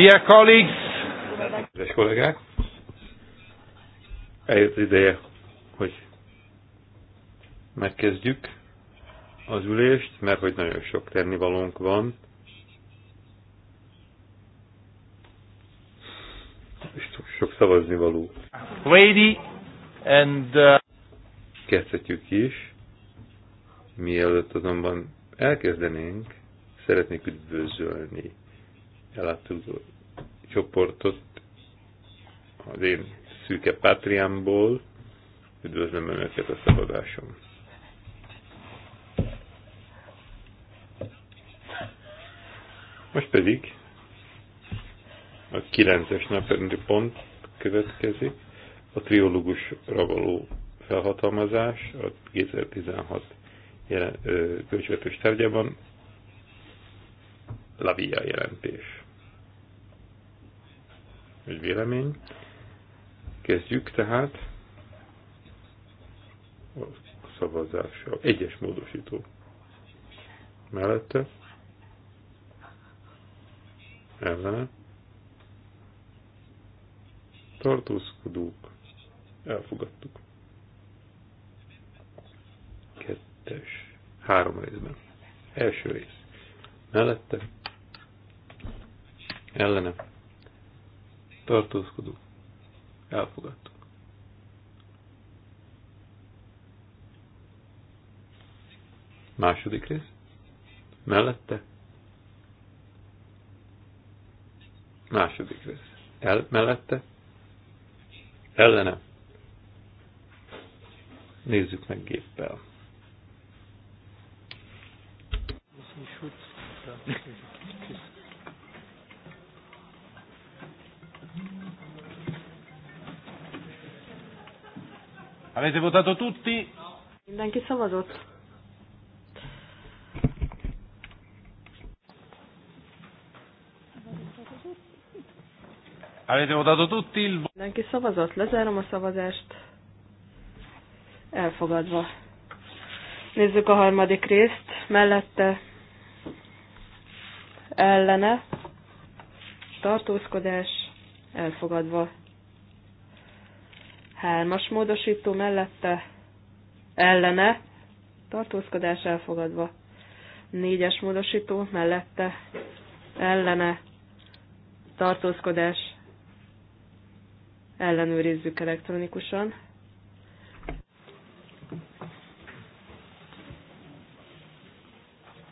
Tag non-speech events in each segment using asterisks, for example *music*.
Dear colleagues! Kedves kollégák! Eljött az ideje, hogy megkezdjük az ülést, mert hogy nagyon sok tennivalónk van. És sok szavazni való. Lady and... Uh... Kezdhetjük is. Mielőtt azonban elkezdenénk, szeretnék üdvözölni a csoportot az én szűke pátriámból. Üdvözlöm Önöket a szabadásom. Most pedig a 9-es napendi pont következik, a triológusra való felhatalmazás a 2016 költségvetés tárgyában, Lavia jelentés egy vélemény. Kezdjük tehát a szavazással. Egyes módosító. Mellette. Ellene. Tartózkodók. Elfogadtuk. Kettes. Három részben. Első rész. Mellette. Ellene tartózkodó, elfogadtuk. Második rész, mellette, második rész, el, mellette, ellene, nézzük meg géppel. Avete votato tutti? Mindenki szavazott. Avete votato tutti il Mindenki szavazott. Lezárom a szavazást. Elfogadva. Nézzük a harmadik részt. Mellette ellene tartózkodás elfogadva. Hármas módosító mellette ellene tartózkodás elfogadva. Négyes módosító mellette ellene tartózkodás ellenőrizzük elektronikusan.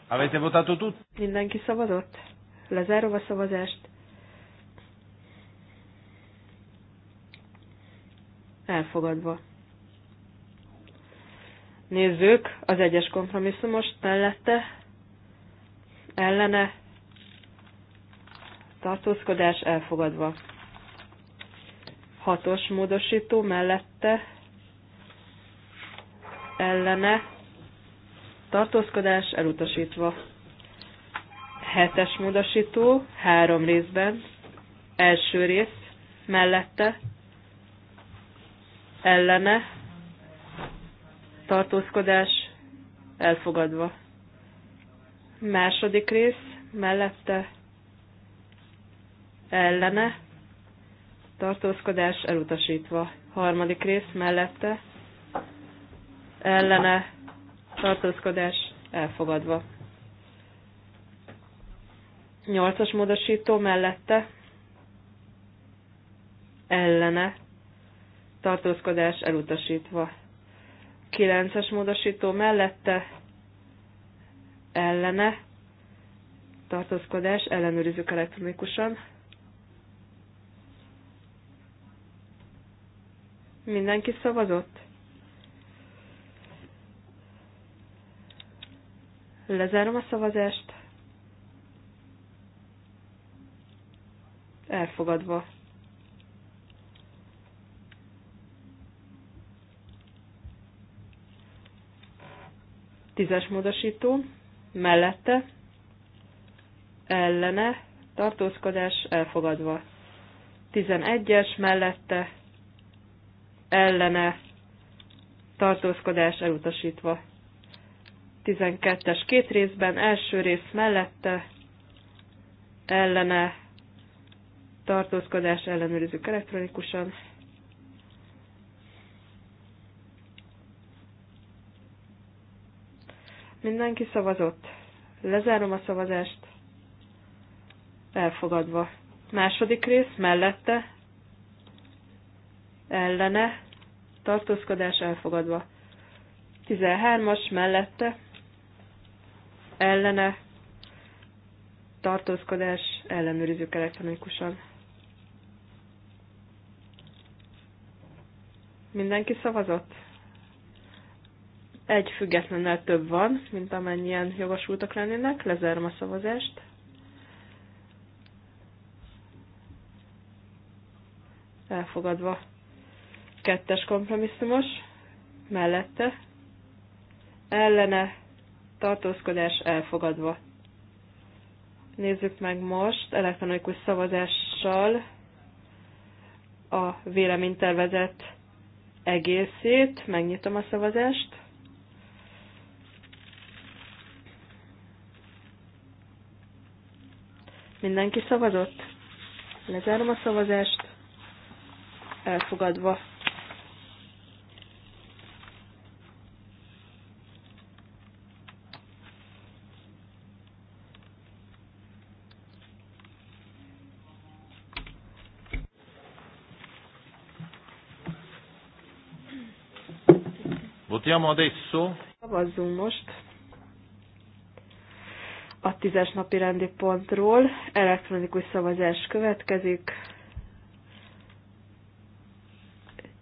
Avete votato tutti? Mindenki szavazott? Lezárom a szavazást. elfogadva. Nézzük az egyes kompromisszumos mellette, ellene, tartózkodás elfogadva. Hatos módosító mellette, ellene, tartózkodás elutasítva. Hetes módosító, három részben, első rész, mellette, ellene tartózkodás elfogadva. Második rész mellette ellene tartózkodás elutasítva. Harmadik rész mellette ellene tartózkodás elfogadva. Nyolcas módosító mellette ellene tartózkodás elutasítva. 9-es módosító mellette ellene tartózkodás ellenőrizzük elektronikusan. Mindenki szavazott? Lezárom a szavazást. Elfogadva. Tízes módosító, mellette, ellene, tartózkodás elfogadva. tizenegyes mellette, ellene, tartózkodás elutasítva. Tizenkettes, két részben, első rész mellette, ellene, tartózkodás ellenőrizzük elektronikusan. Mindenki szavazott. Lezárom a szavazást. Elfogadva. Második rész mellette. Ellene. Tartózkodás elfogadva. 13-as mellette. Ellene. Tartózkodás ellenőrizzük elektronikusan. Mindenki szavazott? Egy függetlennel több van, mint amennyien jogosultak lennének. Lezárom a szavazást. Elfogadva. Kettes kompromisszumos. Mellette. Ellene. Tartózkodás elfogadva. Nézzük meg most elektronikus szavazással a véleménytervezet egészét. Megnyitom a szavazást. Mindenki szavazott? Lezárom a szavazást. Elfogadva. Votiamo adesso. Szavazzunk most a tízes napi rendi pontról. Elektronikus szavazás következik.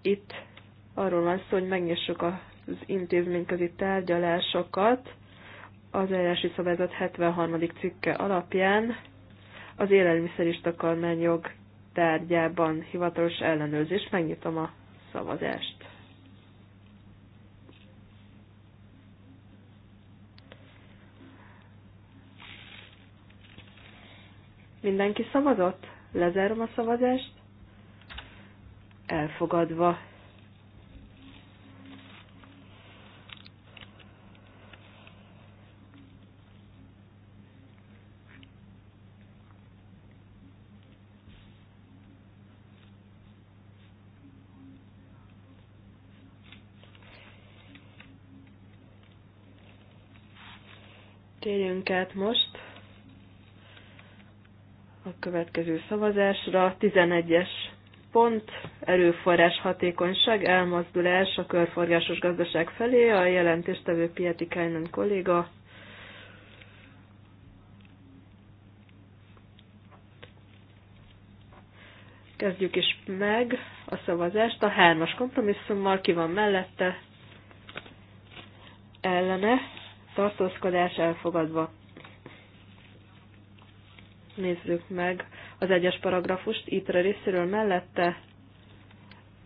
Itt arról van szó, hogy megnyissuk az intézményközi tárgyalásokat az eljárási szabályzat 73. cikke alapján az élelmiszeris takarmányjog tárgyában hivatalos ellenőrzés. Megnyitom a szavazást. Mindenki szavazott? Lezárom a szavazást. Elfogadva. térjünk át most következő szavazásra. 11-es pont, erőforrás hatékonyság, elmozdulás a körforgásos gazdaság felé, a jelentéstevő Pieti Kajnán kolléga. Kezdjük is meg a szavazást. A hármas kompromisszummal ki van mellette, ellene, tartózkodás elfogadva. Nézzük meg az egyes paragrafust. Itre részéről mellette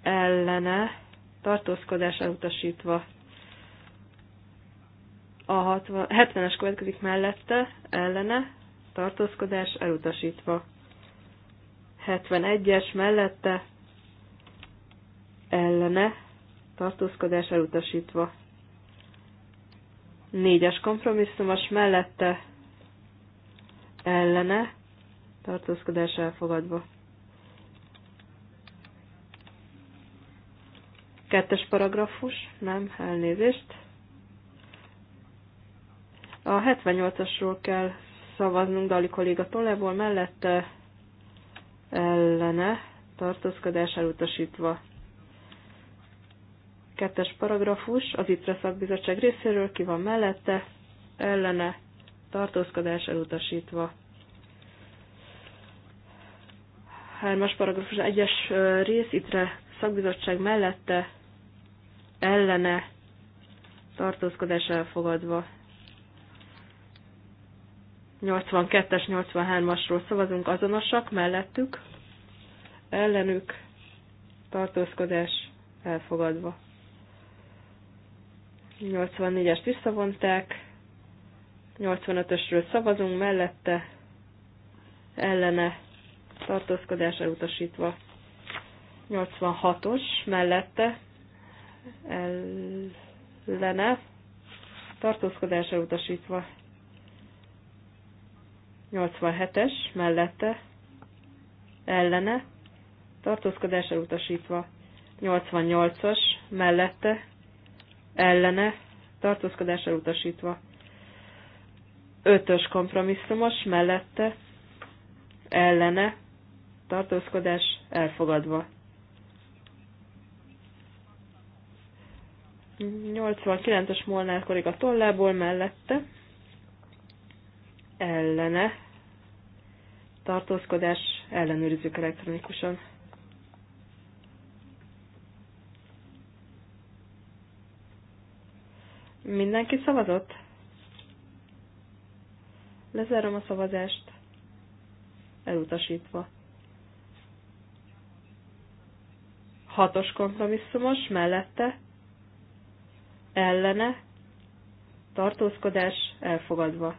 ellene tartózkodás elutasítva. A 70-es következik mellette ellene tartózkodás elutasítva. 71-es mellette ellene tartózkodás elutasítva. 4-es kompromisszumos mellette ellene tartózkodás elfogadva. Kettes paragrafus, nem, elnézést. A 78-asról kell szavaznunk Dali kolléga tollából, mellette ellene tartózkodás elutasítva. Kettes paragrafus, az ITRE szakbizottság részéről ki van mellette, ellene tartózkodás elutasítva. 3-as paragrafus 1-es rész, ittre szakbizottság mellette ellene tartózkodás elfogadva. 82-es, 83-asról szavazunk azonosak, mellettük, ellenük, tartózkodás elfogadva. 84-est visszavonták, 85-ösről szavazunk, mellette, ellene, tartózkodás elutasítva. 86-os mellette ellene tartózkodás elutasítva. 87-es mellette ellene tartózkodás elutasítva. 88-as mellette ellene tartózkodás elutasítva. 5-ös kompromisszumos mellette ellene tartózkodás elfogadva. 89-es Molnár korig a tollából mellette ellene tartózkodás ellenőrizzük elektronikusan. Mindenki szavazott? Lezárom a szavazást. Elutasítva. Hatos kompromisszumos mellette ellene tartózkodás elfogadva.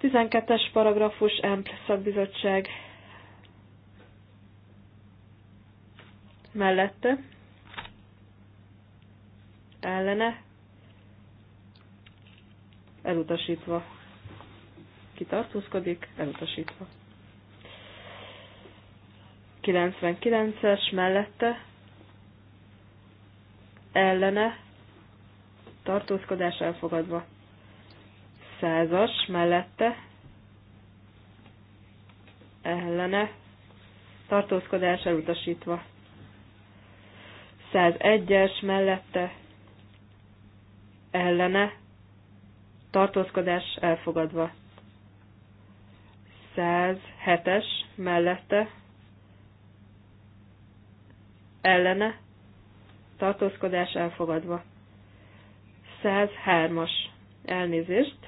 12-es paragrafus EMP szakbizottság mellette ellene elutasítva. kitartózkodik elutasítva. 99-es mellette ellene tartózkodás elfogadva. 100-as mellette ellene tartózkodás elutasítva. 101-es mellette ellene tartózkodás elfogadva. 107-es mellette ellene, tartózkodás elfogadva. 103-as elnézést.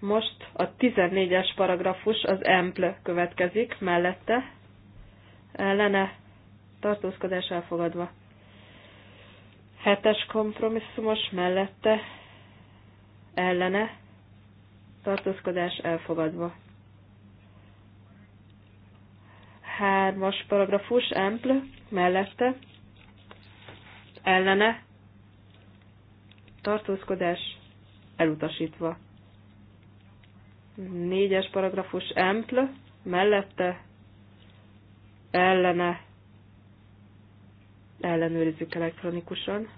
Most a 14-es paragrafus az emple következik, mellette ellene tartózkodás elfogadva. 7-es kompromisszumos mellette ellene tartózkodás elfogadva. hármas paragrafus, empl, mellette, ellene, tartózkodás, elutasítva. Négyes paragrafus, empl, mellette, ellene, ellenőrizzük elektronikusan.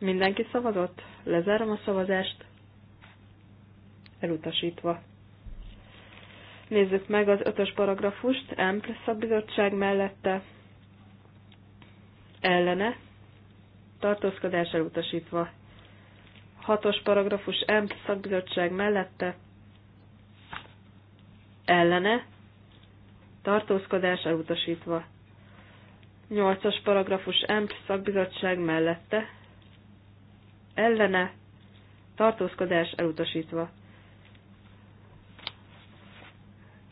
Mindenki szavazott? Lezárom a szavazást elutasítva. Nézzük meg az ötös paragrafust, EMPL szakbizottság mellette ellene, tartózkodás elutasítva. Hatos paragrafus M szakbizottság mellette ellene, tartózkodás elutasítva. Nyolcas paragrafus M szakbizottság mellette ellene, tartózkodás elutasítva.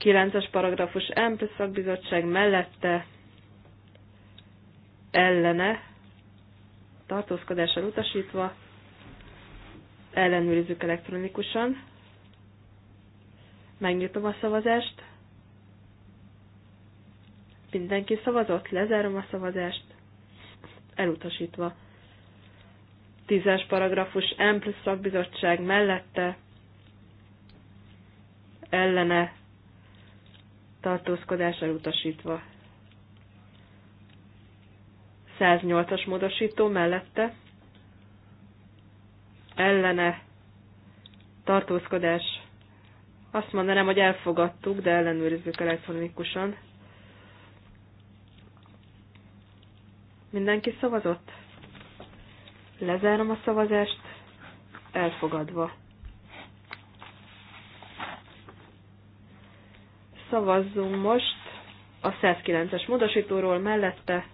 9-es paragrafus M szakbizottság mellette ellene tartózkodással utasítva ellenőrizzük elektronikusan. Megnyitom a szavazást. Mindenki szavazott, lezárom a szavazást. Elutasítva. 10-es paragrafus M plusz szakbizottság mellette ellene tartózkodás elutasítva. 108-as módosító mellette ellene tartózkodás. Azt mondanám, hogy elfogadtuk, de ellenőrizzük elektronikusan. Mindenki szavazott? Lezárom a szavazást, elfogadva. Szavazzunk most a 109-es módosítóról mellette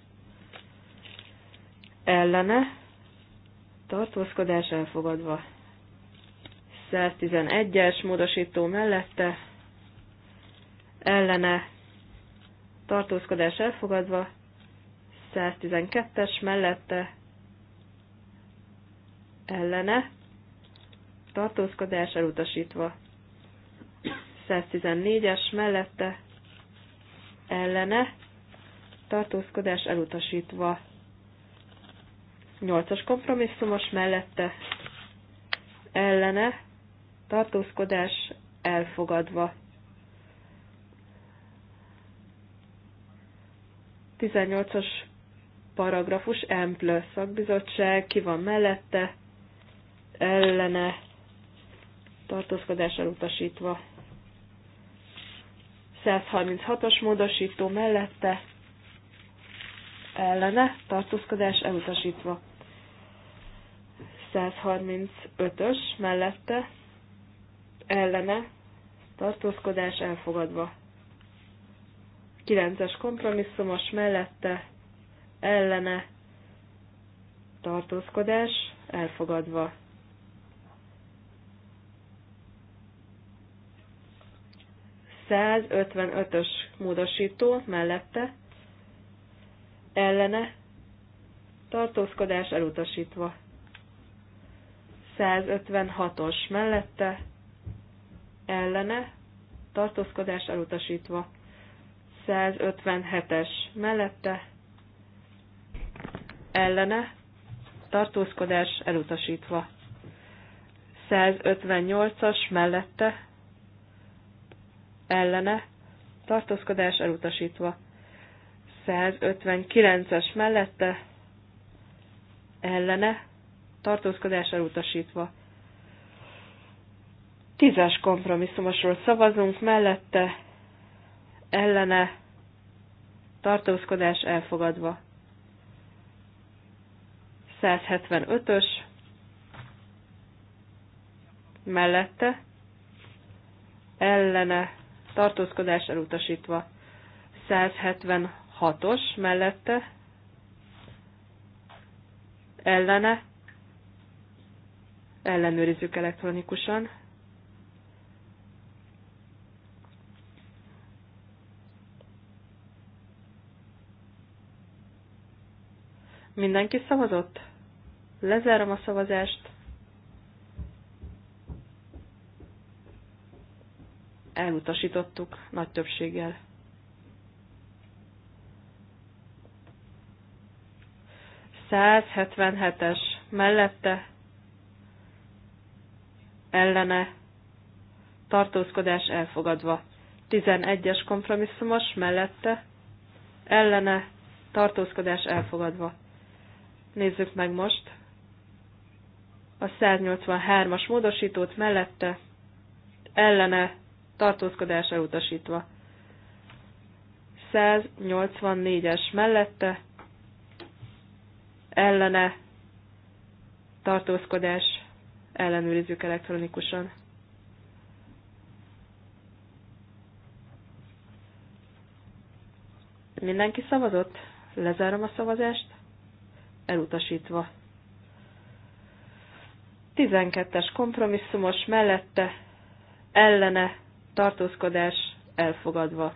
ellene tartózkodás elfogadva. 111-es módosító mellette ellene tartózkodás elfogadva, 112-es mellette ellene tartózkodás elutasítva. 114-es mellette ellene tartózkodás elutasítva. 8-as kompromisszumos mellette ellene tartózkodás elfogadva. 18-as paragrafus Emplő szakbizottság, ki van mellette, ellene, tartózkodás elutasítva. 136 as módosító mellette ellene tartózkodás elutasítva. 135-ös mellette ellene tartózkodás elfogadva. 9-es kompromisszumos mellette ellene tartózkodás elfogadva. 155-ös módosító mellette ellene tartózkodás elutasítva. 156-os mellette ellene tartózkodás elutasítva. 157-es mellette ellene tartózkodás elutasítva. 158-as mellette ellene, tartózkodás elutasítva. 159-es mellette, ellene, tartózkodás elutasítva. es kompromisszumosról szavazunk, mellette, ellene, tartózkodás elfogadva. 175-ös, mellette, ellene, tartózkodás elutasítva. 176-os mellette ellene ellenőrizzük elektronikusan. Mindenki szavazott? Lezárom a szavazást. elutasítottuk nagy többséggel. es mellette ellene tartózkodás elfogadva. 11-es kompromisszumos mellette ellene tartózkodás elfogadva. Nézzük meg most a 183-as módosítót mellette ellene tartózkodás elutasítva. 184-es mellette ellene tartózkodás ellenőrizzük elektronikusan. Mindenki szavazott? Lezárom a szavazást. Elutasítva. 12-es kompromisszumos mellette ellene tartózkodás elfogadva.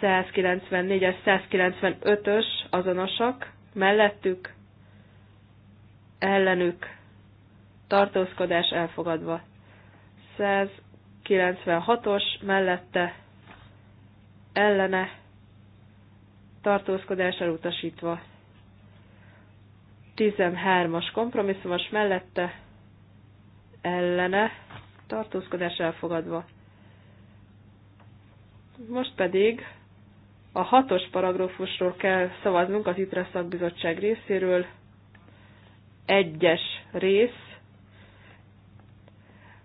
194-es, 195-ös azonosak, mellettük, ellenük, tartózkodás elfogadva. 196-os, mellette, ellene, tartózkodás elutasítva. 13-as kompromisszumos mellette, ellene, tartózkodás elfogadva. Most pedig a hatos paragrafusról kell szavaznunk az ITRA szakbizottság részéről. Egyes rész,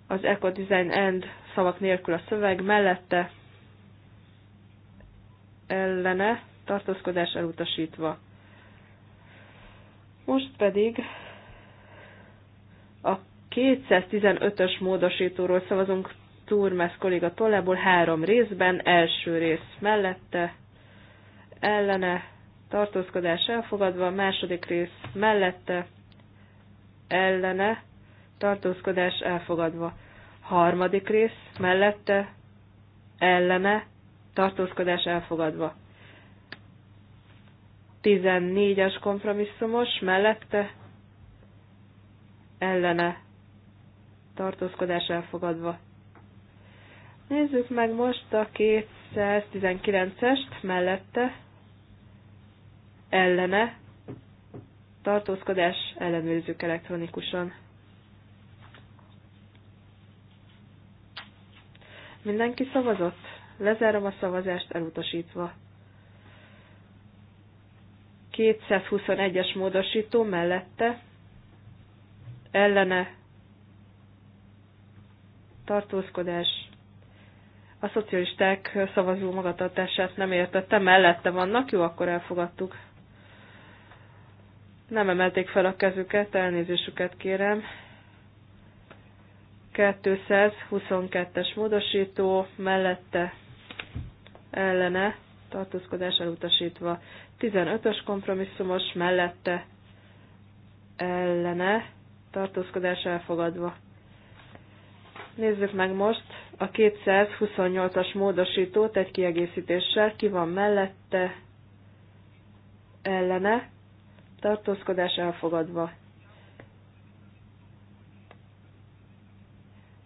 az Eco Design End szavak nélkül a szöveg, mellette ellene tartózkodás elutasítva. Most pedig a 215-ös módosítóról szavazunk Turmes kolléga tollából három részben, első rész mellette, ellene, tartózkodás elfogadva, második rész mellette, ellene, tartózkodás elfogadva, harmadik rész mellette, ellene, tartózkodás elfogadva. 14-es kompromisszumos mellette, ellene, tartózkodás elfogadva. Nézzük meg most a 219-est mellette, ellene, tartózkodás ellenőrizzük elektronikusan. Mindenki szavazott? Lezárom a szavazást elutasítva. 221-es módosító mellette, ellene tartózkodás. A szocialisták szavazó magatartását nem értette, mellette vannak, jó, akkor elfogadtuk. Nem emelték fel a kezüket, elnézésüket kérem. 222-es módosító, mellette ellene, tartózkodás elutasítva. 15-ös kompromisszumos, mellette ellene, tartózkodás elfogadva. Nézzük meg most a 228-as módosítót egy kiegészítéssel. Ki van mellette, ellene, tartózkodás elfogadva.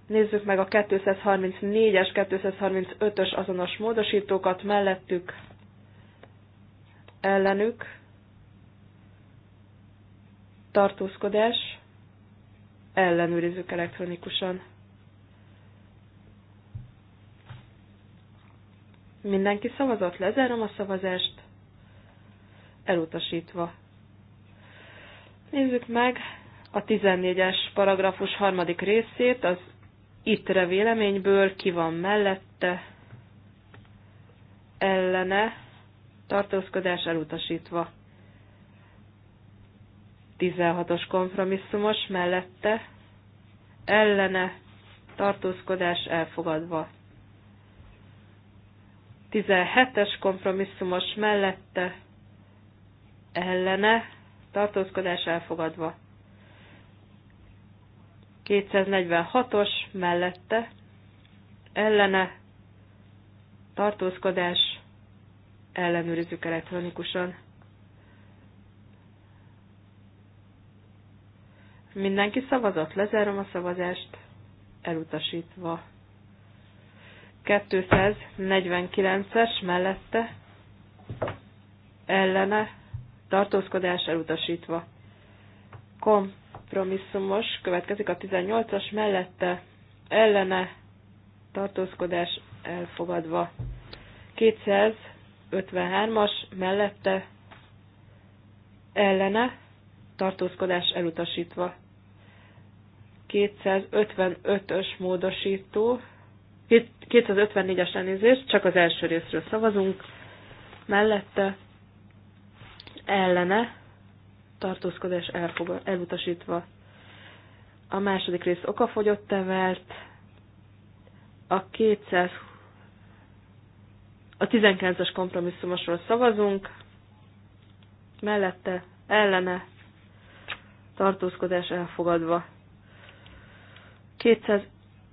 Nézzük meg a 234-es, 235-ös azonos módosítókat mellettük, ellenük, tartózkodás, ellenőrizzük elektronikusan. Mindenki szavazott, lezárom a szavazást, elutasítva. Nézzük meg a 14-es paragrafus harmadik részét, az ittre véleményből ki van mellette, ellene, tartózkodás elutasítva. 16-os kompromisszumos mellette, ellene, tartózkodás elfogadva. 17-es kompromisszumos mellette ellene tartózkodás elfogadva. 246-os mellette ellene tartózkodás ellenőrizzük elektronikusan. Mindenki szavazott, lezárom a szavazást, elutasítva. 249-es mellette ellene tartózkodás elutasítva. Kompromisszumos következik a 18-as mellette ellene tartózkodás elfogadva. 253-as mellette ellene tartózkodás elutasítva. 255-ös módosító 254-es elnézést, csak az első részről szavazunk, mellette ellene tartózkodás elfogad, elutasítva. A második rész okafogyott tevelt. a 200 a 19-es kompromisszumosról szavazunk, mellette ellene tartózkodás elfogadva.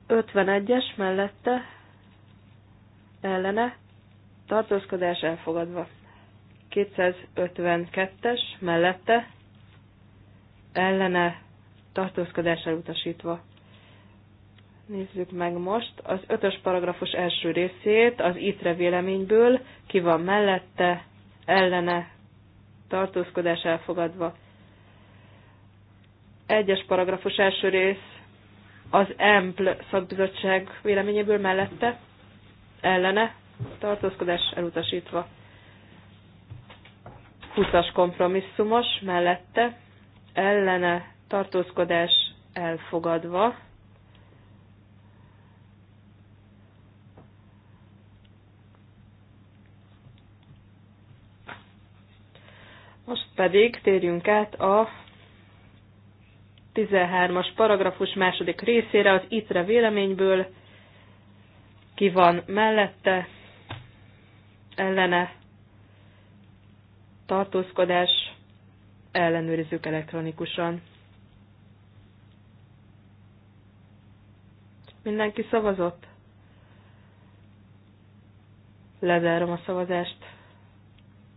51-es mellette ellene tartózkodás elfogadva. 252-es mellette ellene tartózkodás elutasítva. Nézzük meg most az ötös paragrafus első részét, az ITRE véleményből, ki van mellette, ellene, tartózkodás elfogadva. Egyes paragrafus első rész az EMPL szakbizottság véleményéből mellette ellene tartózkodás elutasítva. 20-as kompromisszumos mellette ellene tartózkodás elfogadva. Most pedig térjünk át a 13-as paragrafus második részére az ITRE véleményből ki van mellette, ellene, tartózkodás, ellenőrizzük elektronikusan. Mindenki szavazott? Lezárom a szavazást,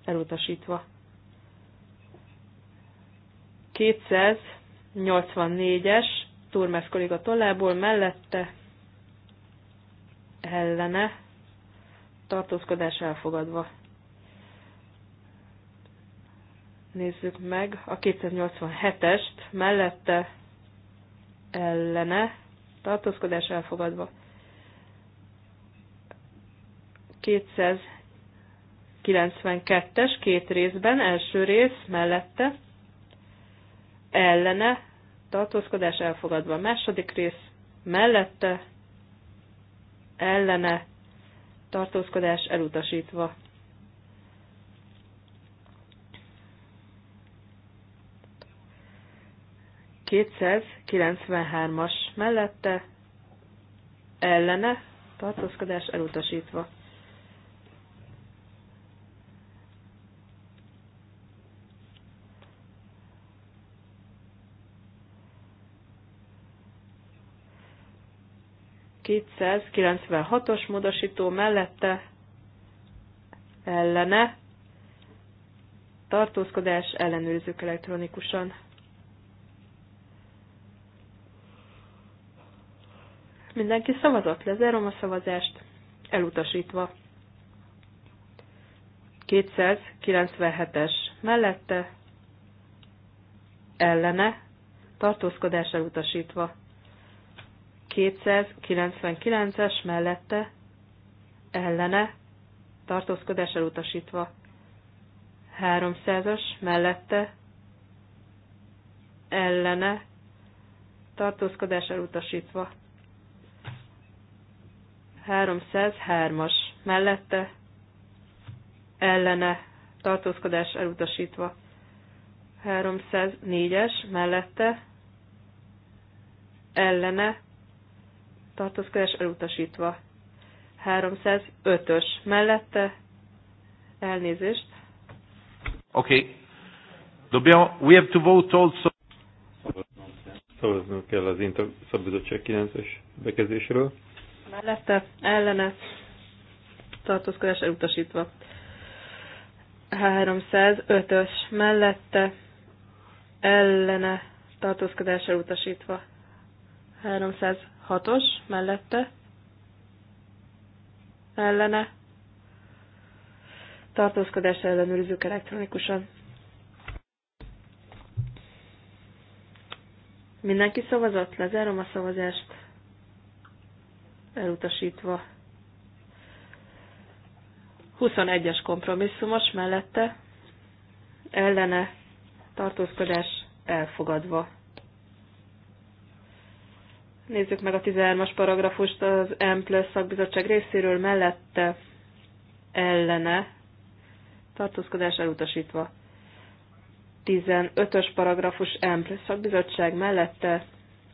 elutasítva. 200 84-es, Turmes kolléga tollából, mellette ellene tartózkodás elfogadva. Nézzük meg a 287-est, mellette ellene tartózkodás elfogadva. 292-es két részben, első rész mellette ellene, tartózkodás elfogadva a második rész, mellette, ellene, tartózkodás elutasítva. ...293-as mellette ellene tartózkodás elutasítva. 296-os módosító mellette ellene tartózkodás ellenőrzők elektronikusan. Mindenki szavazott, lezárom a szavazást, elutasítva. 297-es mellette ellene tartózkodás elutasítva. 299-es mellette ellene tartózkodás elutasítva. 300-as mellette ellene tartózkodás elutasítva. 303-as mellette ellene tartózkodás elutasítva. 304-es mellette ellene tartózkodás elutasítva. 305-ös mellette elnézést. Oké. Okay. Dobbiamo, we have to vote also. Szavaznunk kell az Inter Szabbizottság 9-es bekezdésről. Mellette ellene tartózkodás elutasítva. 305-ös mellette ellene tartózkodás elutasítva. 306 Hatos mellette ellene tartózkodás ellenőrizzük elektronikusan. Mindenki szavazott? Lezárom a szavazást. Elutasítva. 21-es kompromisszumos mellette ellene tartózkodás elfogadva. Nézzük meg a 13-as paragrafust az M szakbizottság részéről mellette ellene tartózkodás elutasítva. 15-ös paragrafus M szakbizottság mellette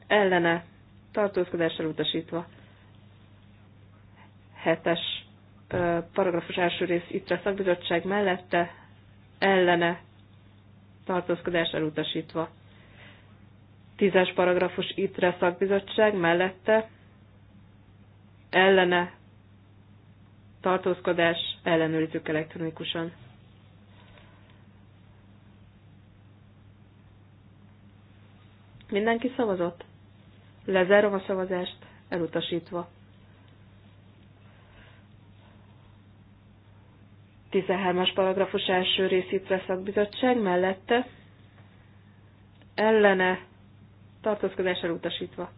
ellene tartózkodás elutasítva. 7-es paragrafus első rész itt a szakbizottság mellette ellene tartózkodás elutasítva. Tízes paragrafus ITRE szakbizottság mellette ellene tartózkodás ellenőrizzük elektronikusan. Mindenki szavazott? Lezárom a szavazást, elutasítva. 13-as paragrafus első részítve szakbizottság mellette ellene tartózkodás elutasítva.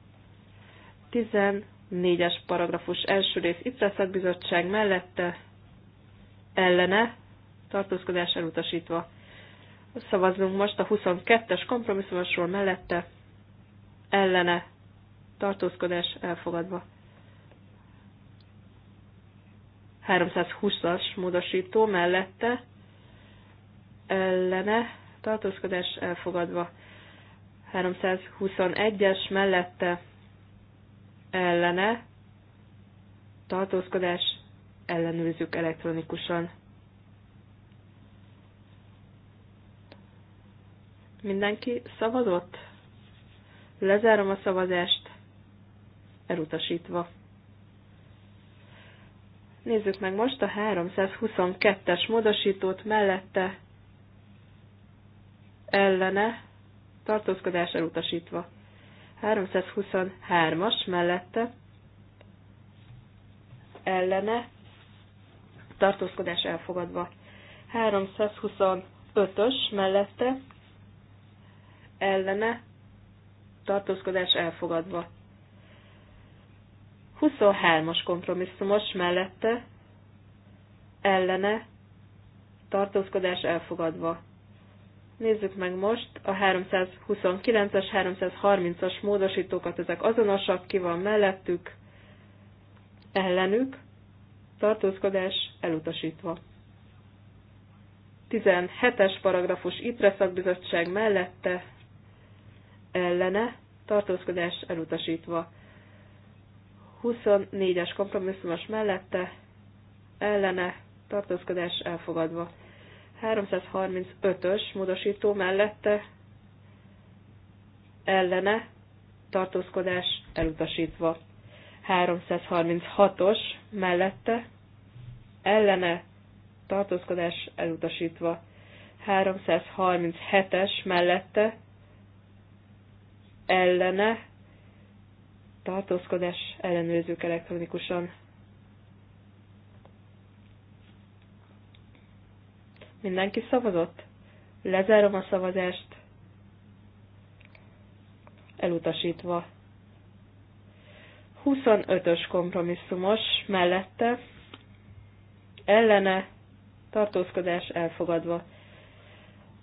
14-es paragrafus első rész ITRE mellette ellene tartózkodás elutasítva. Szavazzunk most a 22-es kompromisszumosról mellette ellene tartózkodás elfogadva. 320-as módosító mellette ellene tartózkodás elfogadva. 321-es mellette ellene tartózkodás ellenőrzük elektronikusan. Mindenki szavazott? Lezárom a szavazást, elutasítva. Nézzük meg most a 322-es módosítót mellette ellene tartózkodás elutasítva. 323-as mellette ellene tartózkodás elfogadva. 325-ös mellette ellene tartózkodás elfogadva. 23-as kompromisszumos mellette ellene tartózkodás elfogadva. Nézzük meg most a 329-es, 330-as módosítókat, ezek azonosak, ki van mellettük, ellenük, tartózkodás elutasítva. 17-es paragrafus ITRE szakbizottság mellette, ellene, tartózkodás elutasítva. 24-es kompromisszumos mellette, ellene, tartózkodás elfogadva. 335-ös módosító mellette ellene tartózkodás elutasítva. 336-os mellette ellene tartózkodás elutasítva. 337-es mellette ellene tartózkodás ellenőrzők elektronikusan. Mindenki szavazott? Lezárom a szavazást. Elutasítva. 25-ös kompromisszumos mellette ellene tartózkodás elfogadva.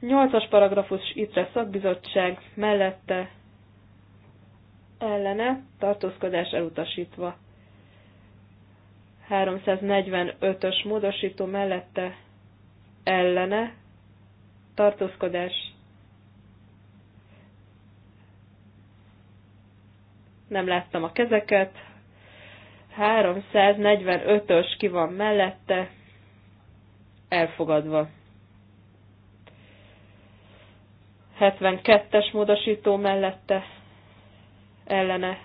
8-as paragrafus ITRE szakbizottság mellette ellene tartózkodás elutasítva. 345-ös módosító mellette ellene tartózkodás nem láttam a kezeket. 345-ös ki van mellette, elfogadva. 72-es módosító mellette, ellene,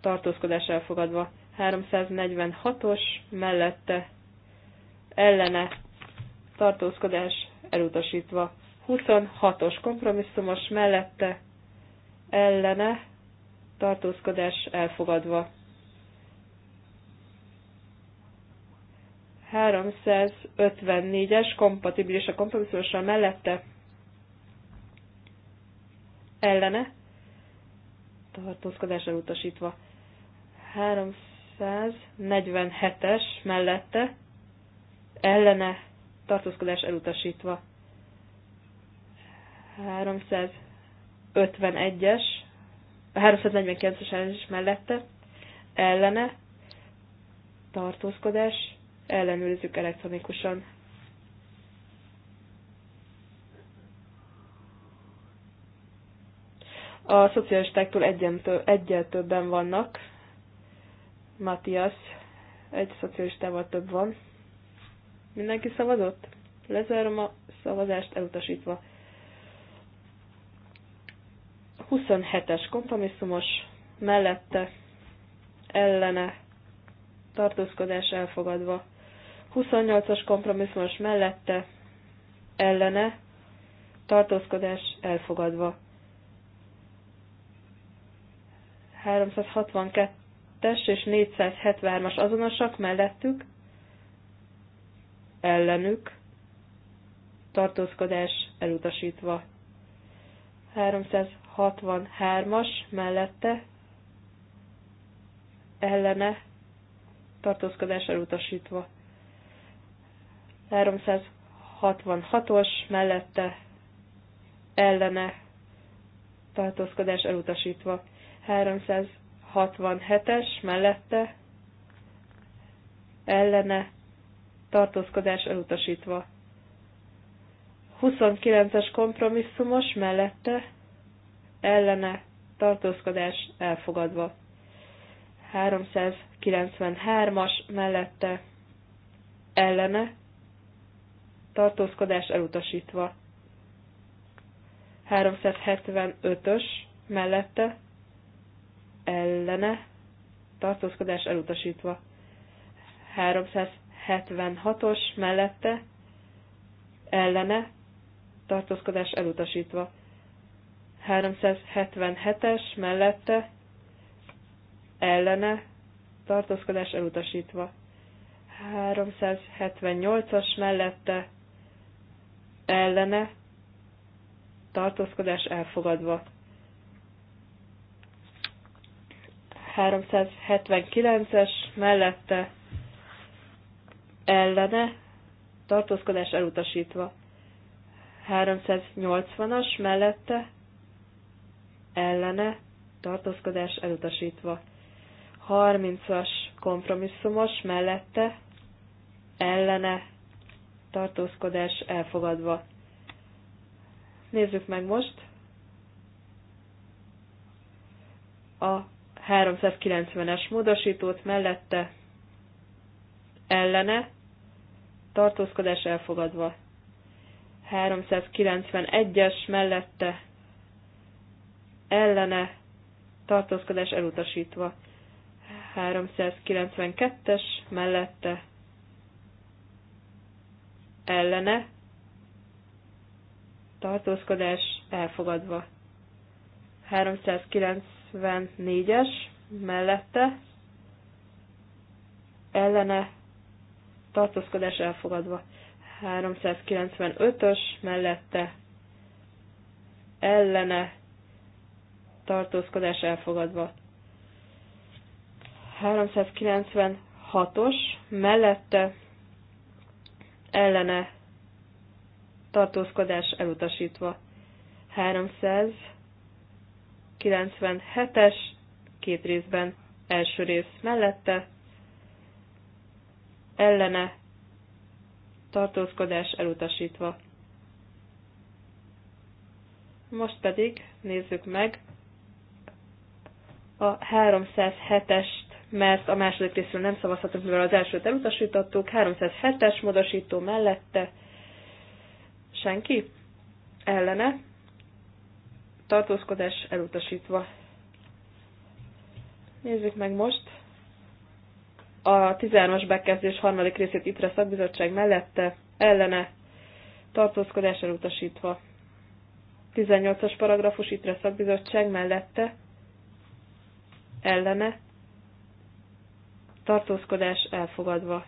tartózkodás elfogadva. 346-os mellette, ellene, tartózkodás elutasítva. 26-os kompromisszumos mellette ellene tartózkodás elfogadva. 354-es kompatibilis a kompromisszumossal mellette ellene tartózkodás elutasítva. 347-es mellette ellene tartózkodás elutasítva. 351-es, 349-es ellenőrzés mellette, ellene, tartózkodás, ellenőrizzük elektronikusan. A szocialistáktól egyen, egyel többen vannak. Matthias, egy szocialistával több van. Mindenki szavazott? Lezárom a szavazást elutasítva. 27-es kompromisszumos mellette ellene tartózkodás elfogadva. 28-as kompromisszumos mellette ellene tartózkodás elfogadva. 362-es és 473-as azonosak mellettük ellenük tartózkodás elutasítva. 363-as mellette ellene tartózkodás elutasítva. 366-os mellette ellene tartózkodás elutasítva. 367-es mellette ellene tartózkodás elutasítva. 29-es kompromisszumos mellette ellene tartózkodás elfogadva. 393-as mellette ellene tartózkodás elutasítva. 375-ös mellette ellene tartózkodás elutasítva. 76-os mellette ellene tartózkodás elutasítva. 377-es mellette ellene tartózkodás elutasítva. 378-as mellette ellene tartózkodás elfogadva. 379-es mellette ellene tartózkodás elutasítva. 380-as mellette ellene tartózkodás elutasítva. 30-as kompromisszumos mellette ellene tartózkodás elfogadva. Nézzük meg most a 390-es módosítót mellette ellene tartózkodás elfogadva. 391-es mellette ellene tartózkodás elutasítva. 392-es mellette ellene tartózkodás elfogadva. 394-es mellette ellene tartózkodás elfogadva. 395-ös mellette ellene tartózkodás elfogadva. 396-os mellette ellene tartózkodás elutasítva. 397-es két részben első rész mellette ellene tartózkodás elutasítva. Most pedig nézzük meg a 307-est, mert a második részről nem szavazhatunk, mivel az elsőt elutasítottuk. 307-es módosító mellette senki ellene tartózkodás elutasítva. Nézzük meg most a 13-as bekezdés harmadik részét ITRE szakbizottság mellette ellene tartózkodás elutasítva. 18-as paragrafus ITRE szakbizottság mellette ellene tartózkodás elfogadva.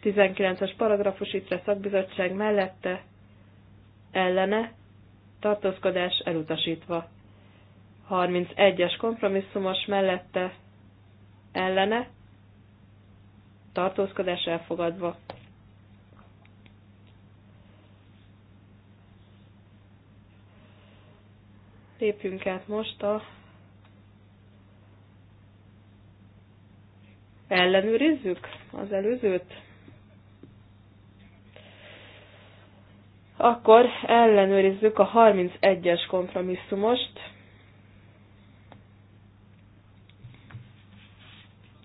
19 as paragrafus ITRE szakbizottság mellette ellene tartózkodás elutasítva. 31-es kompromisszumos mellette ellene, tartózkodás elfogadva. Lépjünk át most a ellenőrizzük az előzőt. Akkor ellenőrizzük a 31-es kompromisszumost.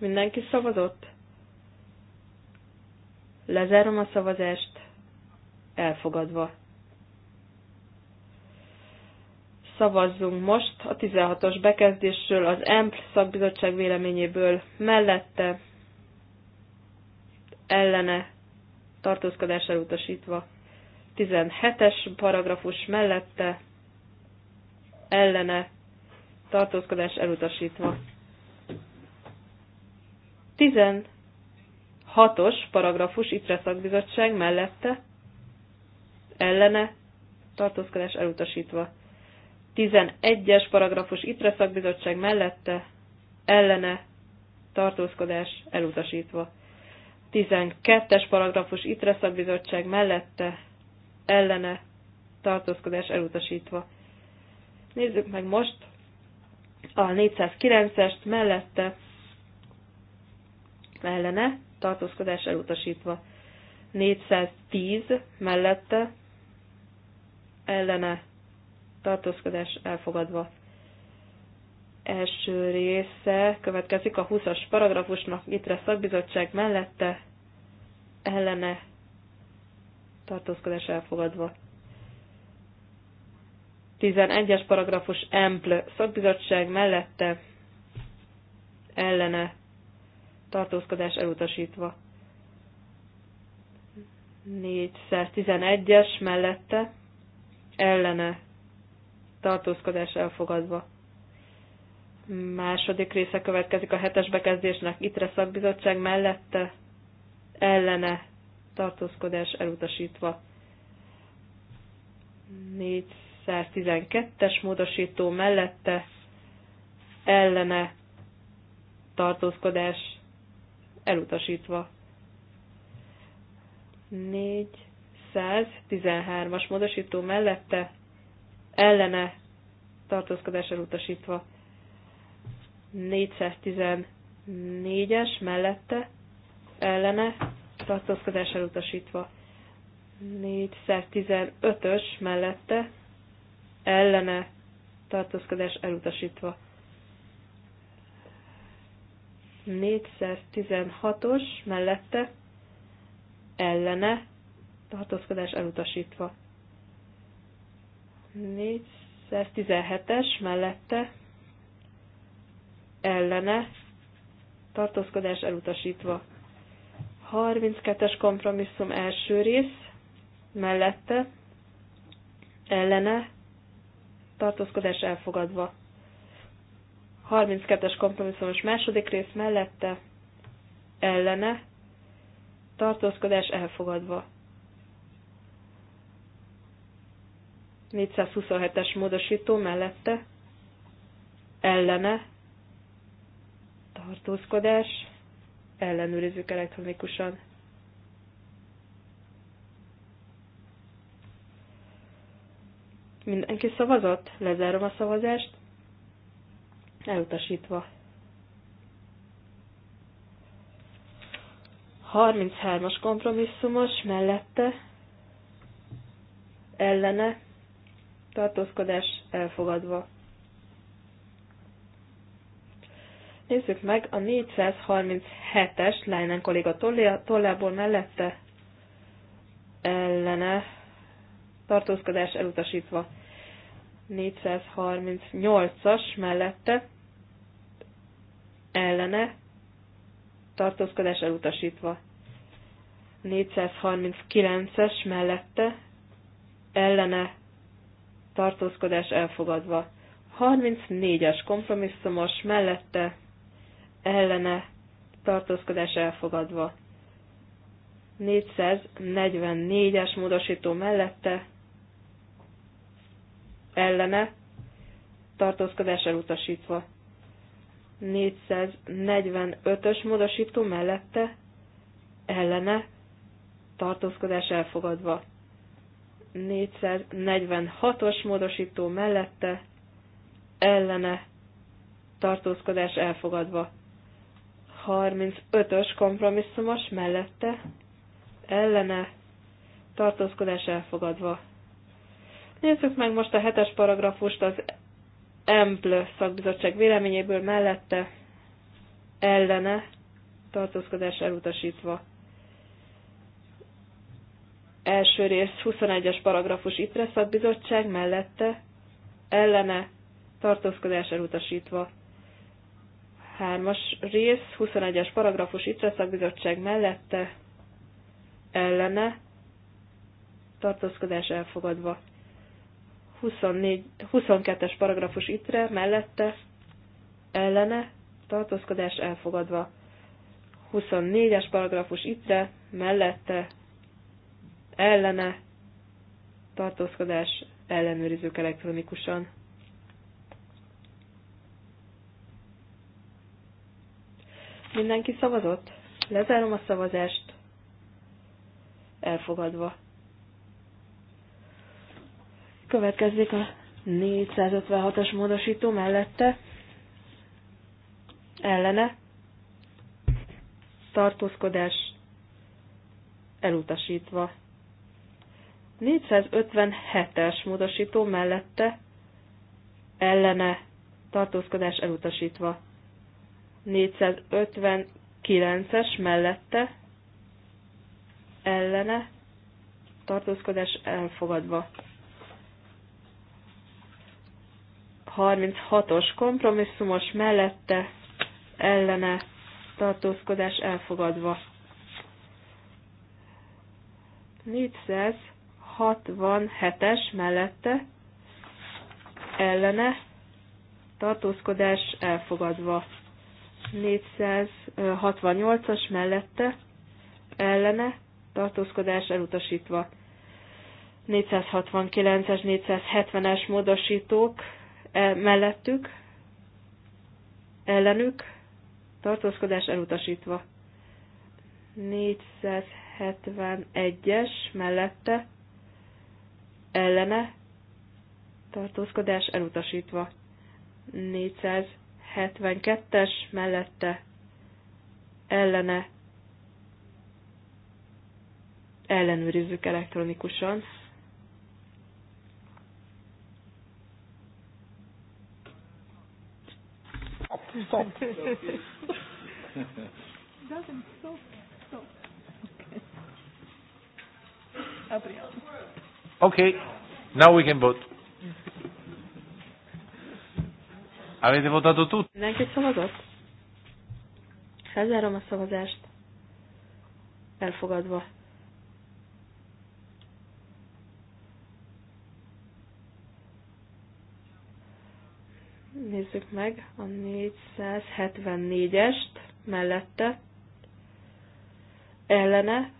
Mindenki szavazott? Lezárom a szavazást. Elfogadva. Szavazzunk most a 16-os bekezdésről, az EMP szakbizottság véleményéből mellette, ellene, tartózkodás elutasítva. 17-es paragrafus mellette, ellene, tartózkodás elutasítva. 16-os paragrafus ITRE szakbizottság mellette ellene tartózkodás elutasítva. 11-es paragrafus ITRE szakbizottság mellette ellene tartózkodás elutasítva. 12-es paragrafus ITRE szakbizottság mellette ellene tartózkodás elutasítva. Nézzük meg most a 409-est mellette ellene tartózkodás elutasítva. 410 mellette ellene tartózkodás elfogadva. Első része következik a 20-as paragrafusnak, ittre szakbizottság mellette ellene tartózkodás elfogadva. 11-es paragrafus empl szakbizottság mellette ellene tartózkodás elutasítva. 411-es mellette ellene tartózkodás elfogadva. Második része következik a hetes bekezdésnek, ITRE szakbizottság mellette ellene tartózkodás elutasítva. 412-es módosító mellette ellene tartózkodás elutasítva. 413-as módosító mellette ellene tartózkodás elutasítva. 414-es mellette ellene tartózkodás elutasítva. 415-ös mellette ellene tartózkodás elutasítva. 4 x 16 os mellette ellene tartózkodás elutasítva. 4 x 17 es mellette ellene tartózkodás elutasítva. 32-es kompromisszum első rész mellette ellene tartózkodás elfogadva. 32-es kompromisszumos második rész mellette ellene tartózkodás elfogadva. 427-es módosító mellette ellene tartózkodás ellenőrizzük elektronikusan. Mindenki szavazott? Lezárom a szavazást elutasítva. 33-as kompromisszumos mellette ellene tartózkodás elfogadva. Nézzük meg a 437-es Leinen kolléga tollából mellette ellene tartózkodás elutasítva. 438-as mellette ellene tartózkodás elutasítva. 439-es mellette ellene tartózkodás elfogadva. 34-es kompromisszumos mellette ellene tartózkodás elfogadva. 444-es módosító mellette ellene tartózkodás elutasítva. 445-ös módosító mellette ellene tartózkodás elfogadva. 446-os módosító mellette ellene tartózkodás elfogadva. 35-ös kompromisszumos mellette ellene tartózkodás elfogadva. Nézzük meg most a hetes paragrafust az Emple szakbizottság véleményéből mellette ellene tartózkodás elutasítva. Első rész 21-es paragrafus IPRE szakbizottság mellette ellene tartózkodás elutasítva. Hármas rész 21-es paragrafus IPRE szakbizottság mellette ellene tartózkodás elfogadva. 24, 22-es paragrafus ittre, mellette, ellene, tartózkodás elfogadva. 24-es paragrafus ittre, mellette, ellene, tartózkodás ellenőrizők elektronikusan. Mindenki szavazott? Lezárom a szavazást. Elfogadva. Következik a 456-as módosító mellette ellene tartózkodás elutasítva. 457-es módosító mellette ellene tartózkodás elutasítva. 459-es mellette ellene tartózkodás elfogadva. 36-os kompromisszumos mellette ellene tartózkodás elfogadva. 467-es mellette ellene tartózkodás elfogadva. 468-as mellette ellene tartózkodás elutasítva. 469-es, 470-es módosítók E, mellettük, ellenük, tartózkodás elutasítva. 471-es mellette, ellene, tartózkodás elutasítva. 472-es mellette, ellene, ellenőrizzük elektronikusan. stop. *laughs* doesn't stop. Stop. Okay. okay. Now we can vote. Avete votato tutti? Mindenki szavazott? Felzárom a szavazást. Elfogadva. Nézzük meg a 474-est mellette, ellene,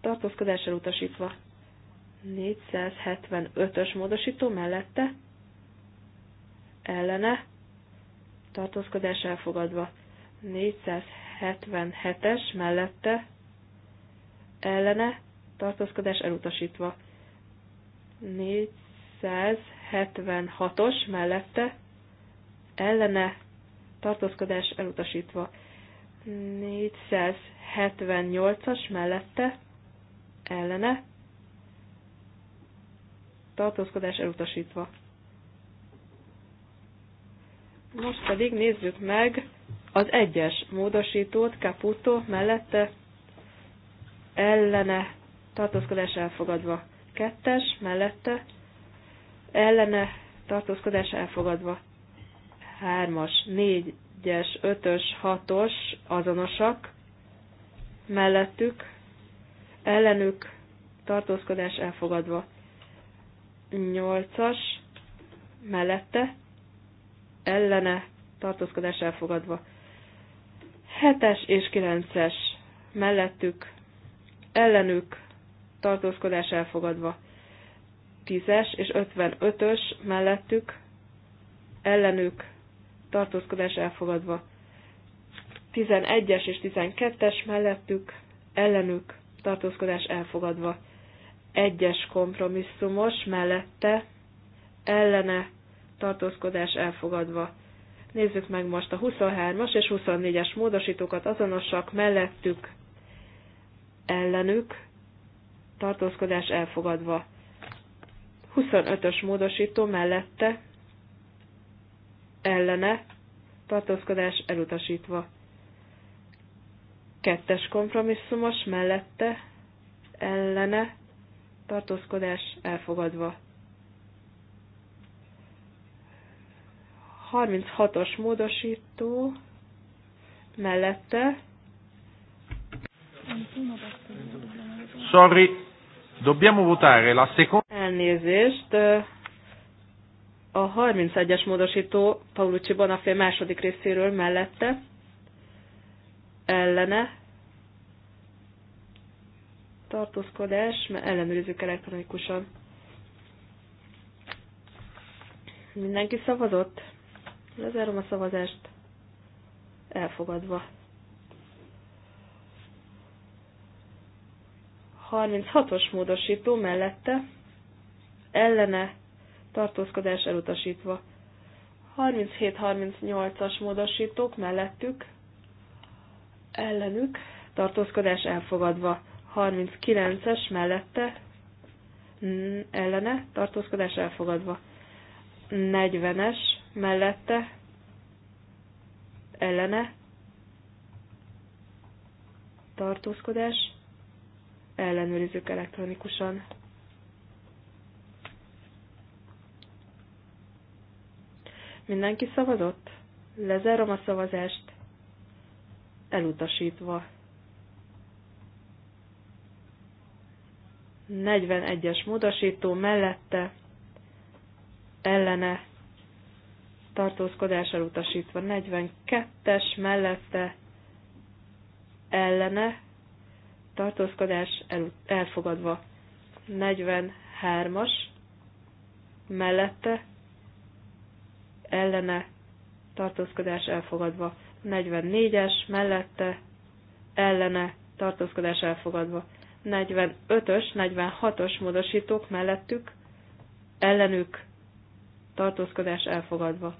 tartózkodás elutasítva. 475-ös módosító mellette, ellene, tartózkodás elfogadva. 477-es mellette, ellene, tartózkodás elutasítva. 476-os mellette, ellene tartózkodás elutasítva. 478-as mellette ellene tartózkodás elutasítva. Most pedig nézzük meg az egyes módosítót, Caputo mellette ellene tartózkodás elfogadva. Kettes mellette ellene tartózkodás elfogadva. 3-as, 4-es, 5-ös, 6-os azonosak mellettük, ellenük tartózkodás elfogadva. 8-as mellette, ellene tartózkodás elfogadva. 7-es és 9-es mellettük, ellenük tartózkodás elfogadva. 10-es és 55-ös mellettük, ellenük tartózkodás elfogadva. 11-es és 12-es mellettük, ellenük, tartózkodás elfogadva. 1-es kompromisszumos mellette, ellene, tartózkodás elfogadva. Nézzük meg most a 23-as és 24-es módosítókat azonosak mellettük, ellenük, tartózkodás elfogadva. 25-ös módosító mellette, ellene tartózkodás elutasítva. Kettes kompromisszumos mellette ellene tartózkodás elfogadva. 36-os módosító mellette. Sorry, dobbiamo votare la seconda. Elnézést, a 31-es módosító Paulucci Bonafé második részéről mellette ellene tartózkodás, mert ellenőrizzük elektronikusan. Mindenki szavazott? Lezárom a szavazást. Elfogadva. 36-os módosító mellette ellene tartózkodás elutasítva. 37-38-as módosítók mellettük, ellenük, tartózkodás elfogadva. 39-es mellette, ellene, tartózkodás elfogadva. 40-es mellette, ellene, tartózkodás, ellenőrizzük elektronikusan. Mindenki szavazott? Lezárom a szavazást. Elutasítva. 41-es módosító mellette ellene tartózkodás elutasítva. 42-es mellette ellene tartózkodás el, elfogadva. 43-as mellette ellene tartózkodás elfogadva. 44-es mellette ellene tartózkodás elfogadva. 45-ös, 46-os módosítók mellettük ellenük tartózkodás elfogadva.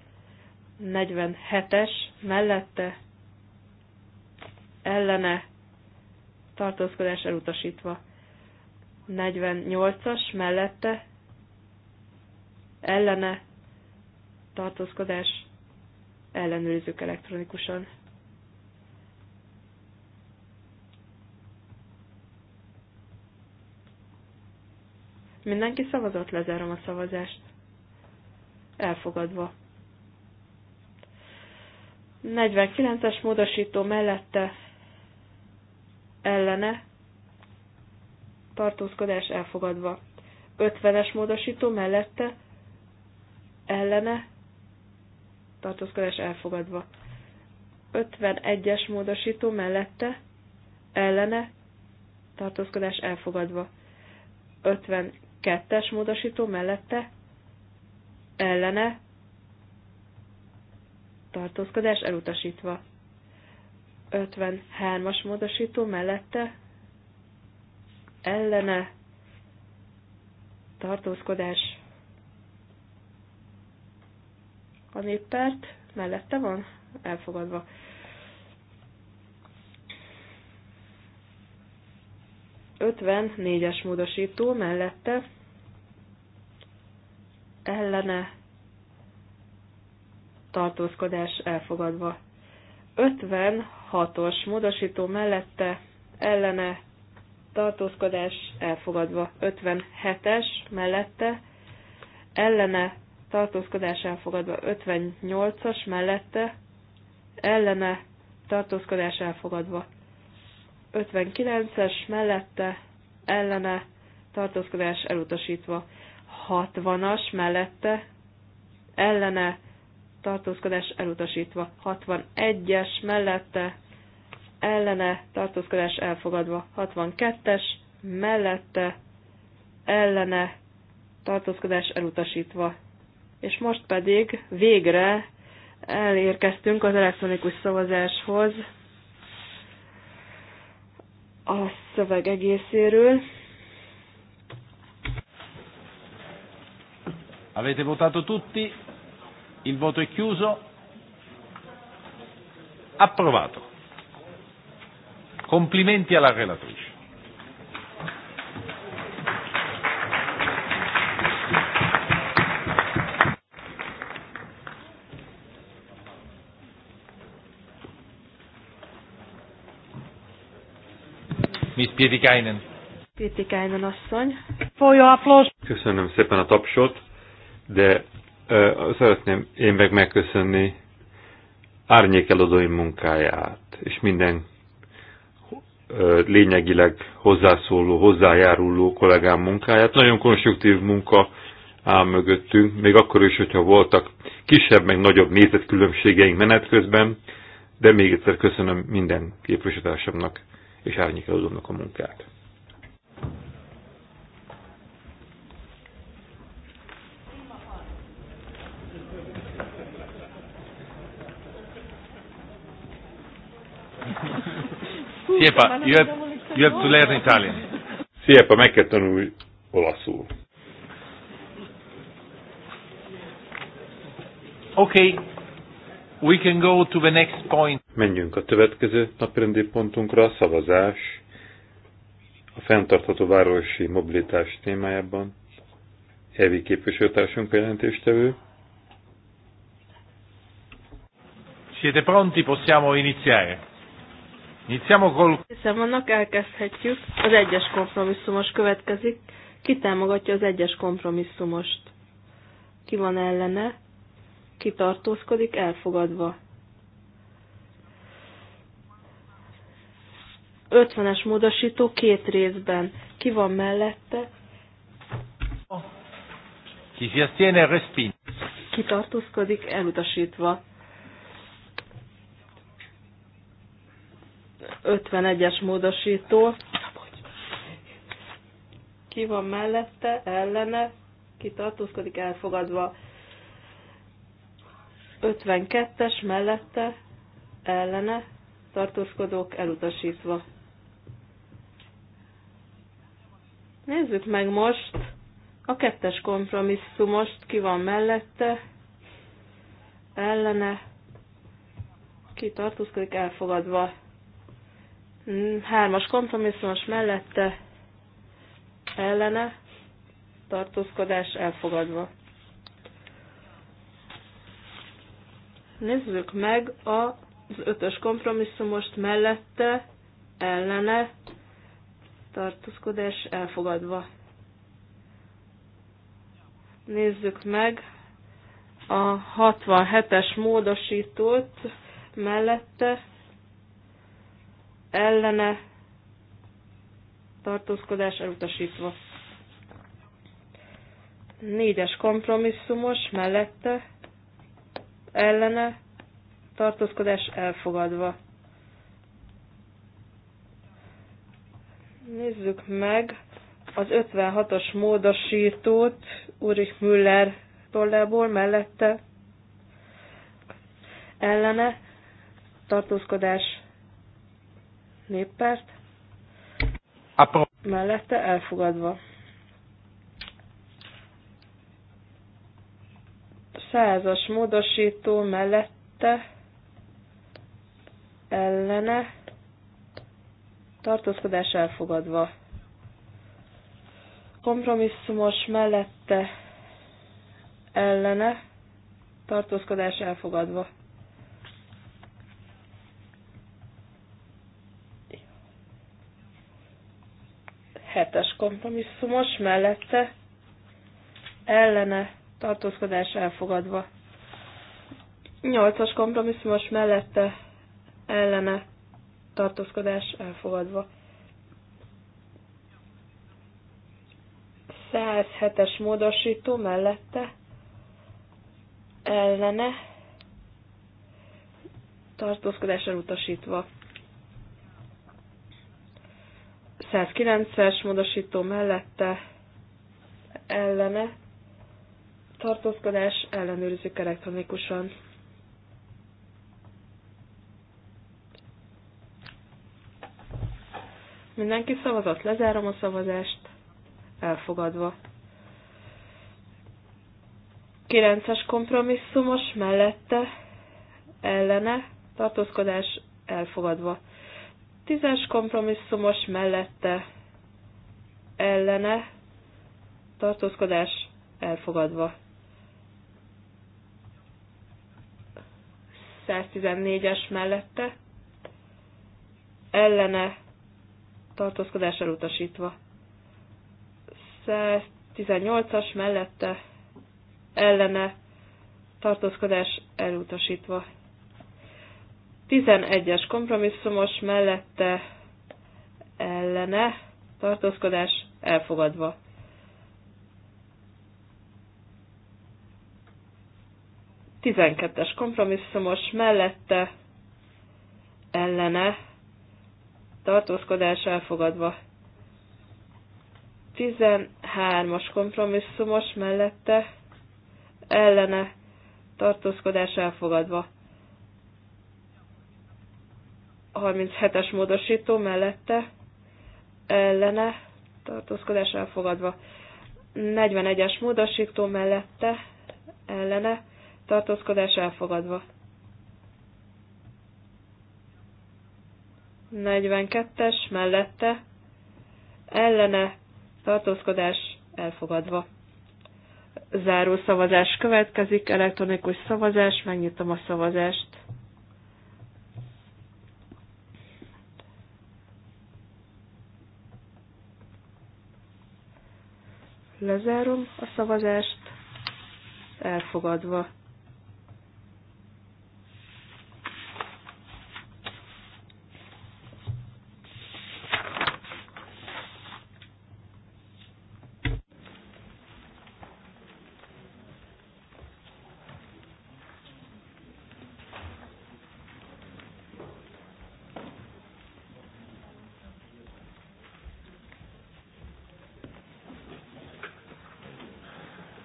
47-es mellette ellene tartózkodás elutasítva. 48-as mellette ellene tartózkodás, ellenőrizzük elektronikusan. Mindenki szavazott, lezárom a szavazást. Elfogadva. 49-es módosító mellette ellene tartózkodás elfogadva. 50-es módosító mellette ellene tartózkodás elfogadva. 51-es módosító mellette, ellene, tartózkodás elfogadva. 52-es módosító mellette, ellene, tartózkodás elutasítva. 53-as módosító mellette, ellene, tartózkodás a néppárt mellette van, elfogadva. Ötven négyes módosító mellette ellene tartózkodás elfogadva. 56-os módosító mellette ellene tartózkodás elfogadva. 57-es mellette ellene tartózkodás elfogadva 58-as mellette, ellene tartózkodás elfogadva 59-es mellette, ellene tartózkodás elutasítva 60-as mellette, ellene tartózkodás elutasítva 61-es mellette, ellene tartózkodás elfogadva 62-es mellette, ellene tartózkodás elutasítva és most pedig végre elérkeztünk az elektronikus szavazáshoz a szöveg egészéről. Avete votato tutti? Il voto è chiuso. Approvato. Complimenti alla relatrice. Miss Pietikainen. Pietikainen asszony. Folyó aplós. Köszönöm szépen a tapsot, de ö, szeretném én meg megköszönni árnyékelodóim munkáját, és minden ö, lényegileg hozzászóló, hozzájáruló kollégám munkáját. Nagyon konstruktív munka áll mögöttünk, még akkor is, hogyha voltak kisebb, meg nagyobb nézetkülönbségeink menet közben, de még egyszer köszönöm minden képviselőtársamnak és árnyékelődőmnek a munkát. Sziepa, you have, you have to learn Italian. Sziepa, meg kell tanulni olaszul. Okay, we can go to the next point. Menjünk a következő napirendi pontunkra, a szavazás a fenntartható városi mobilitás témájában. Evi képviselőtársunk jelentéstevő. Siete pronti, possiamo iniziare. Iniziamo col... Hiszen vannak, elkezdhetjük. Az egyes kompromisszumos következik. Ki támogatja az egyes kompromisszumost? Ki van ellene? Ki tartózkodik? Elfogadva. 50-es módosító két részben. Ki van mellette? Ki tartózkodik elutasítva. 51-es módosító. Ki van mellette, ellene, ki tartózkodik elfogadva. 52-es mellette, ellene, tartózkodók elutasítva. Nézzük meg most a kettes kompromisszumost, ki van mellette, ellene, ki tartózkodik elfogadva. Hármas kompromisszumos mellette, ellene, tartózkodás elfogadva. Nézzük meg az ötös kompromisszumost mellette, ellene, tartózkodás elfogadva. Nézzük meg a 67-es módosítót mellette ellene tartózkodás elutasítva. Négyes kompromisszumos mellette ellene tartózkodás elfogadva. Nézzük meg az 56-os módosítót Ulrich Müller tollából mellette ellene tartózkodás néppárt mellette elfogadva. 100-as módosító mellette ellene tartózkodás elfogadva. Kompromisszumos mellette ellene tartózkodás elfogadva. Hetes kompromisszumos mellette ellene tartózkodás elfogadva. Nyolcas kompromisszumos mellette ellene tartózkodás elfogadva. 107-es módosító mellette ellene tartózkodás elutasítva. 109-es módosító mellette ellene tartózkodás ellenőrizik elektronikusan. Mindenki szavazott, lezárom a szavazást. Elfogadva. 9-es kompromisszumos mellette ellene tartózkodás elfogadva. 10-es kompromisszumos mellette ellene tartózkodás elfogadva. 114-es mellette ellene tartózkodás elutasítva. 118-as mellette ellene tartózkodás elutasítva. 11-es kompromisszumos mellette ellene tartózkodás elfogadva. Tizenkettes kompromisszumos mellette ellene tartózkodás elfogadva. 13-as kompromisszumos mellette ellene tartózkodás elfogadva. 37-es módosító mellette ellene tartózkodás elfogadva. 41-es módosító mellette ellene tartózkodás elfogadva. 42-es mellette ellene tartózkodás elfogadva. Záró szavazás következik, elektronikus szavazás, megnyitom a szavazást. Lezárom a szavazást, elfogadva.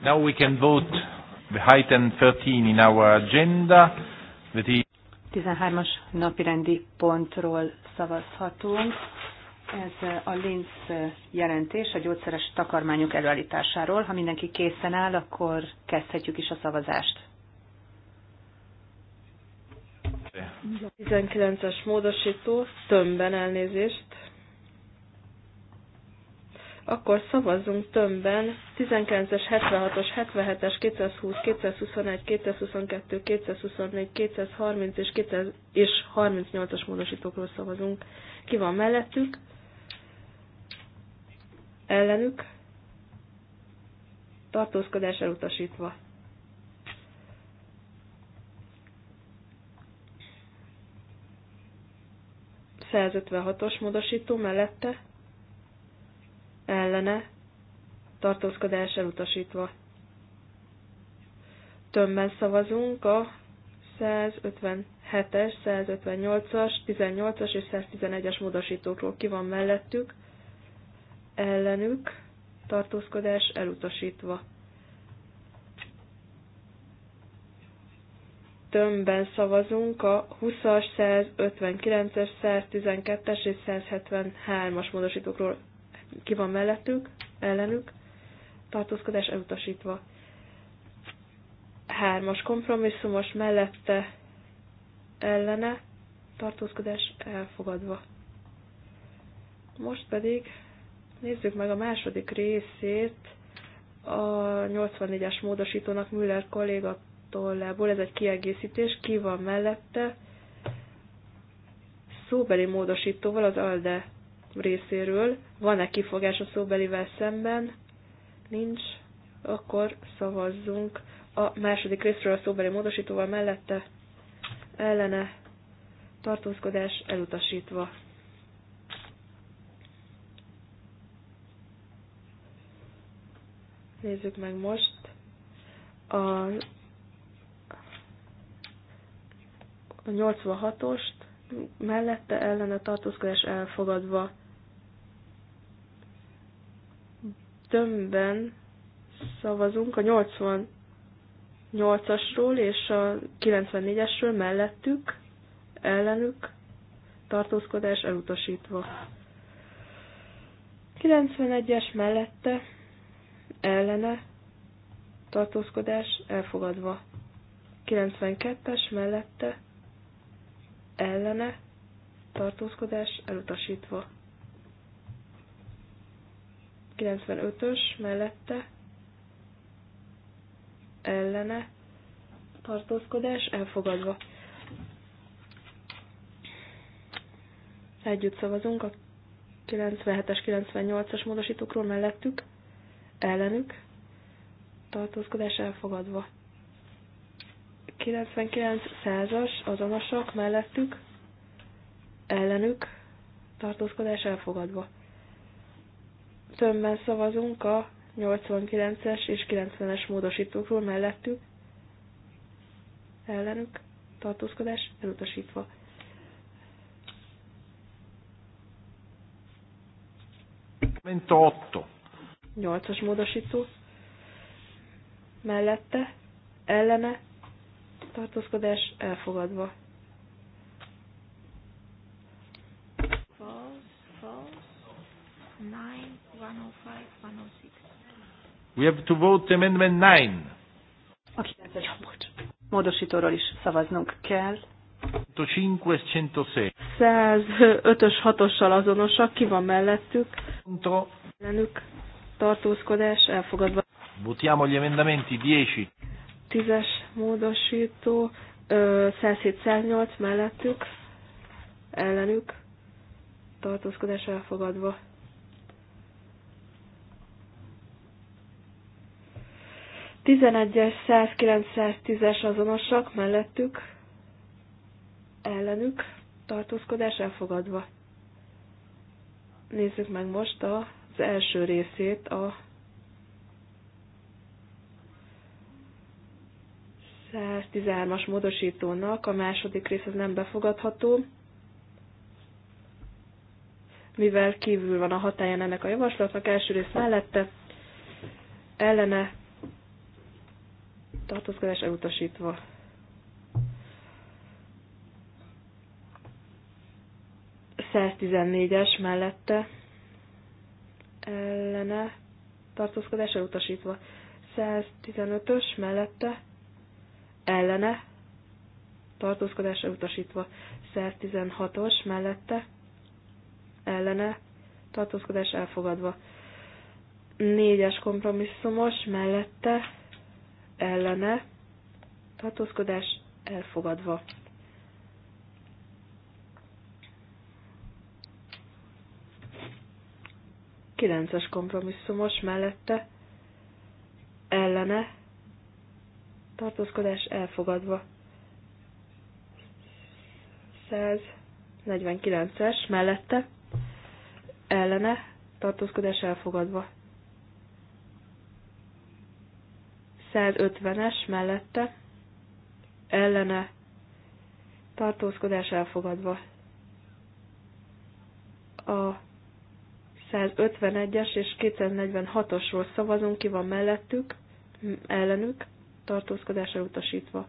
Now we can vote the item 13 in our agenda. That is 13-as napirendi pontról szavazhatunk. Ez a LINZ jelentés a gyógyszeres takarmányok előállításáról. Ha mindenki készen áll, akkor kezdhetjük is a szavazást. 19-es módosító, tömbben elnézést akkor szavazzunk tömbben 19-es, 76-os, 77-es, 220, 221, 222, 224, 230 és, 200 és 38-as módosítókról szavazunk. Ki van mellettük? Ellenük? Tartózkodás elutasítva. os módosító mellette ellene tartózkodás elutasítva. Tömmel szavazunk a 157-es, 158-as, 18-as és 111-es módosítókról ki van mellettük, ellenük tartózkodás elutasítva. tömbben szavazunk a 20-as, 159-es, 112-es és 173-as módosítókról ki van mellettük, ellenük, tartózkodás elutasítva. Hármas kompromisszumos mellette, ellene, tartózkodás elfogadva. Most pedig nézzük meg a második részét a 84-es módosítónak Müller kolléga tollából. Ez egy kiegészítés, ki van mellette, szóbeli módosítóval az ALDE részéről. Van-e kifogás a szóbelivel szemben? Nincs. Akkor szavazzunk a második részről a szóbeli módosítóval mellette. Ellene tartózkodás elutasítva. Nézzük meg most a 86-ost, mellette ellene tartózkodás elfogadva tömbben szavazunk a 88-asról és a 94-esről mellettük, ellenük, tartózkodás elutasítva. 91-es mellette, ellene, tartózkodás elfogadva. 92-es mellette, ellene, tartózkodás elutasítva. 95-ös mellette ellene tartózkodás elfogadva. Együtt szavazunk a 97-es, 98-as módosítókról mellettük, ellenük, tartózkodás elfogadva. 99-100-as azonosak mellettük, ellenük, tartózkodás elfogadva. Tömbben szavazunk a 89-es és 90-es módosítókról mellettük, ellenük, tartózkodás elutasítva. Mint a 8-as módosító mellette, ellene, tartózkodás elfogadva. False, false, nine. 105, 106. We have to vote amendment 9. A 9-es módosítóról is szavaznunk kell. 105 105-ös 6-ossal azonosak, ki van mellettük? Contro. Ellenük tartózkodás elfogadva. Votiamo gli emendamenti 10. 10-es módosító, 107-108 mellettük, ellenük tartózkodás elfogadva. 11 es 100 910 es azonosak mellettük, ellenük, tartózkodás elfogadva. Nézzük meg most az első részét a 113-as módosítónak, a második rész az nem befogadható, mivel kívül van a hatályán ennek a javaslatnak, első rész mellette, ellene tartózkodás elutasítva. es mellette ellene tartózkodás elutasítva. 115-ös mellette ellene tartózkodás elutasítva. 116-os mellette ellene tartózkodás elfogadva. 4-es kompromisszumos mellette ellene tartózkodás elfogadva. Kilences kompromisszumos mellette ellene tartózkodás elfogadva. 149-es mellette ellene tartózkodás elfogadva. 150-es mellette ellene tartózkodás elfogadva. A 151-es és 246-osról szavazunk, ki van mellettük, ellenük, tartózkodás elutasítva.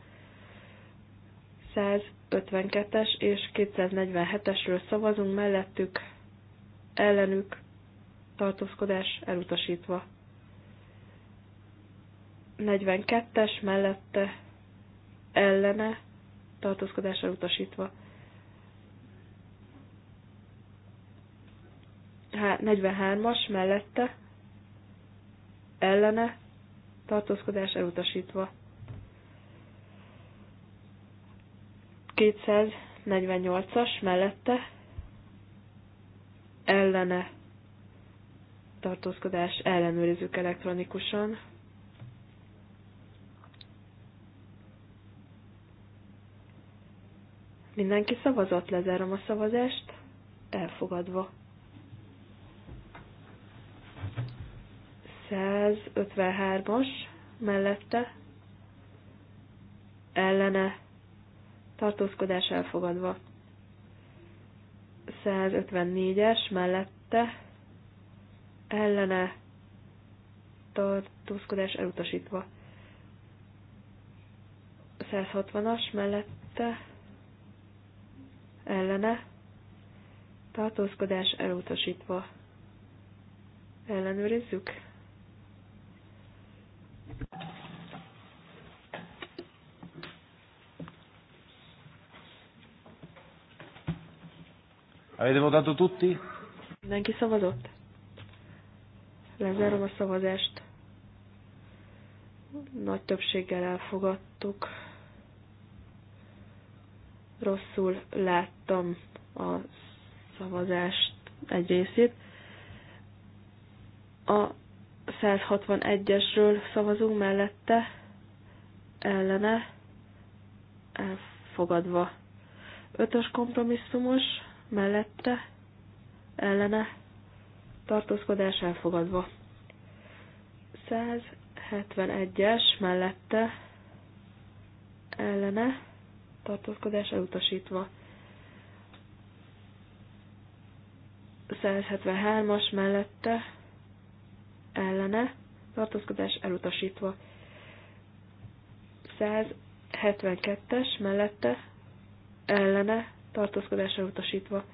152-es és 247-esről szavazunk mellettük, ellenük, tartózkodás elutasítva. 42-es mellette ellene tartózkodásra utasítva. Há, 43-as mellette ellene tartózkodás elutasítva. 248-as mellette ellene tartózkodás ellenőrizzük elektronikusan. Mindenki szavazott, lezárom a szavazást. Elfogadva. 153-as mellette ellene tartózkodás elfogadva. 154-es mellette ellene tartózkodás elutasítva. 160-as mellette ellene, tartózkodás elutasítva. Ellenőrizzük. Avete votato tutti? Mindenki szavazott? Lezárom a szavazást. Nagy többséggel elfogadtuk rosszul láttam a szavazást egy részét. A 161-esről szavazunk mellette, ellene, elfogadva. Ötös kompromisszumos, mellette, ellene, tartózkodás elfogadva. 171-es mellette, ellene, tartózkodás elutasítva. 173-as mellette ellene tartózkodás elutasítva. 172-es mellette ellene tartózkodás elutasítva.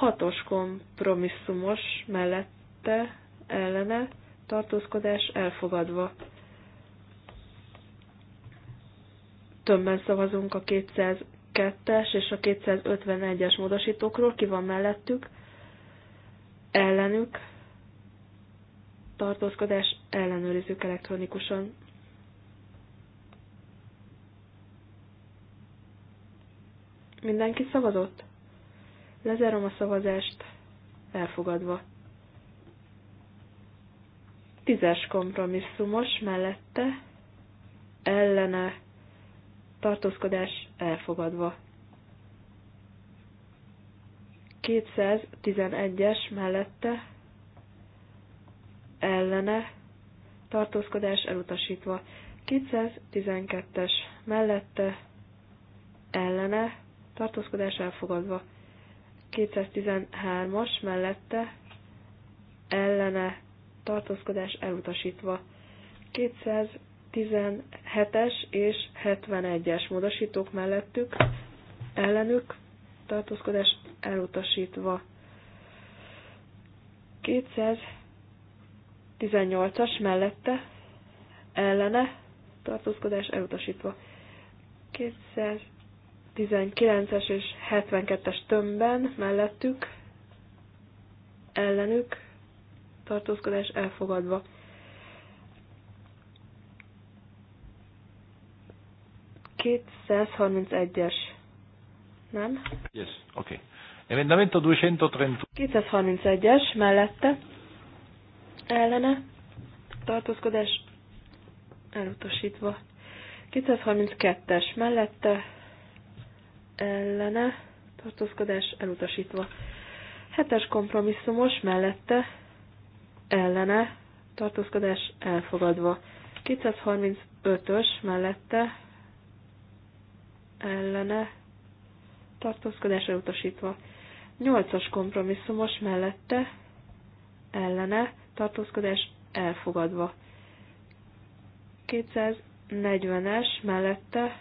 6-os kompromisszumos mellette ellene tartózkodás elfogadva. tömbben szavazunk a 202-es és a 251-es módosítókról, ki van mellettük, ellenük, tartózkodás ellenőrizzük elektronikusan. Mindenki szavazott? Lezárom a szavazást, elfogadva. Tízes kompromisszumos mellette, ellene tartózkodás elfogadva. 211-es mellette ellene tartózkodás elutasítva. 212-es mellette ellene tartózkodás elfogadva. 213-as mellette ellene tartózkodás elutasítva. 17-es és 71-es módosítók mellettük, ellenük tartózkodás elutasítva. 218-as mellette, ellene tartózkodás elutasítva. 219-es és 72-es tömbben mellettük, ellenük tartózkodás elfogadva. 231-es. Nem? Yes, oké. Okay. Emendamento 231. 231-es mellette. Ellene. Tartózkodás elutasítva. 232-es mellette. Ellene. Tartózkodás elutasítva. 7-es kompromisszumos mellette. Ellene. Tartózkodás elfogadva. 235-ös mellette ellene tartózkodásra utasítva. 8-as kompromisszumos mellette ellene tartózkodás elfogadva. 240-es mellette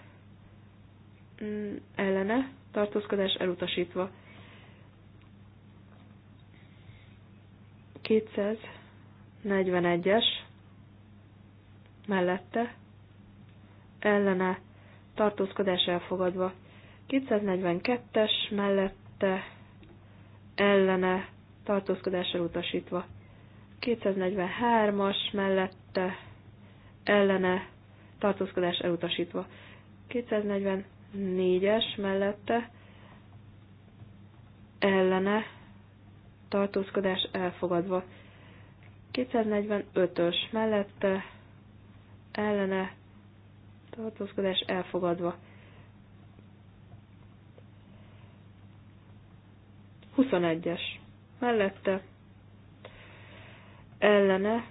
mm, ellene tartózkodás elutasítva. 241-es mellette ellene tartózkodás elfogadva. 242-es mellette ellene tartózkodással utasítva, 243-as mellette ellene tartózkodás elutasítva. 244-es mellette ellene tartózkodás elfogadva. 245-ös mellette ellene tartózkodás elfogadva. 21-es mellette ellene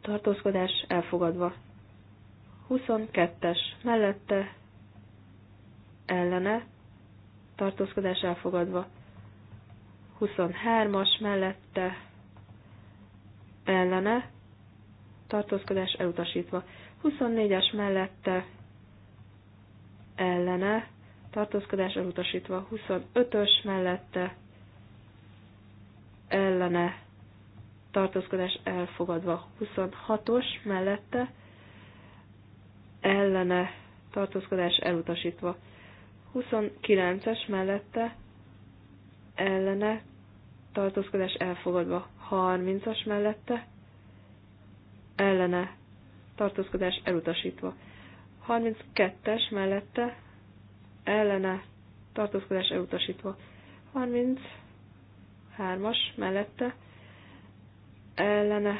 tartózkodás elfogadva. 22-es mellette ellene tartózkodás elfogadva. 23-as mellette ellene tartózkodás elutasítva. 24-es mellette ellene, tartózkodás elutasítva 25-ös mellette ellene, tartózkodás elfogadva 26-os mellette ellene, tartózkodás elutasítva 29-es mellette ellene, tartózkodás elfogadva 30-as mellette ellene, tartózkodás elutasítva. 32-es mellette ellene tartózkodás elutasítva. 33-as mellette ellene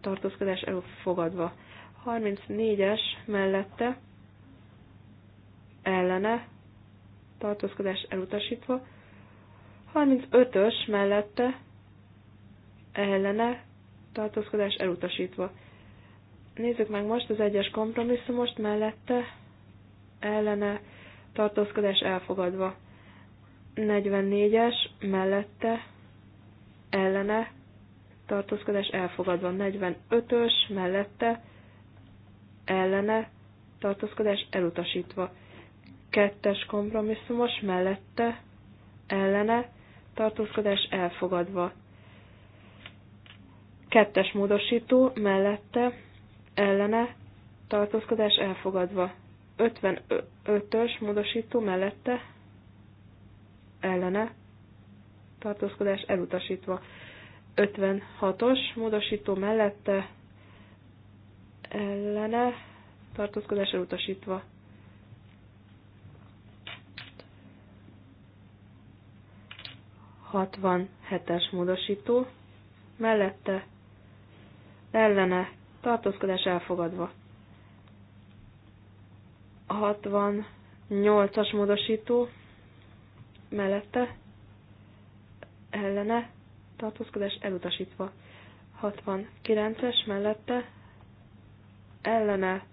tartózkodás elfogadva. 34-es mellette ellene tartózkodás elutasítva. 35-ös mellette ellene tartózkodás elutasítva. Nézzük meg most az egyes kompromisszumost mellette ellene tartózkodás elfogadva. 44-es mellette ellene tartózkodás elfogadva. 45-ös mellette ellene tartózkodás elutasítva. 2-es kompromisszumos mellette ellene tartózkodás elfogadva. Kettes módosító mellette ellene tartózkodás elfogadva. 55-ös módosító mellette ellene tartózkodás elutasítva. 56-os módosító mellette ellene tartózkodás elutasítva. Hatvan hetes módosító mellette ellene tartózkodás elfogadva. 68-as módosító mellette ellene tartózkodás elutasítva. 69-es mellette ellene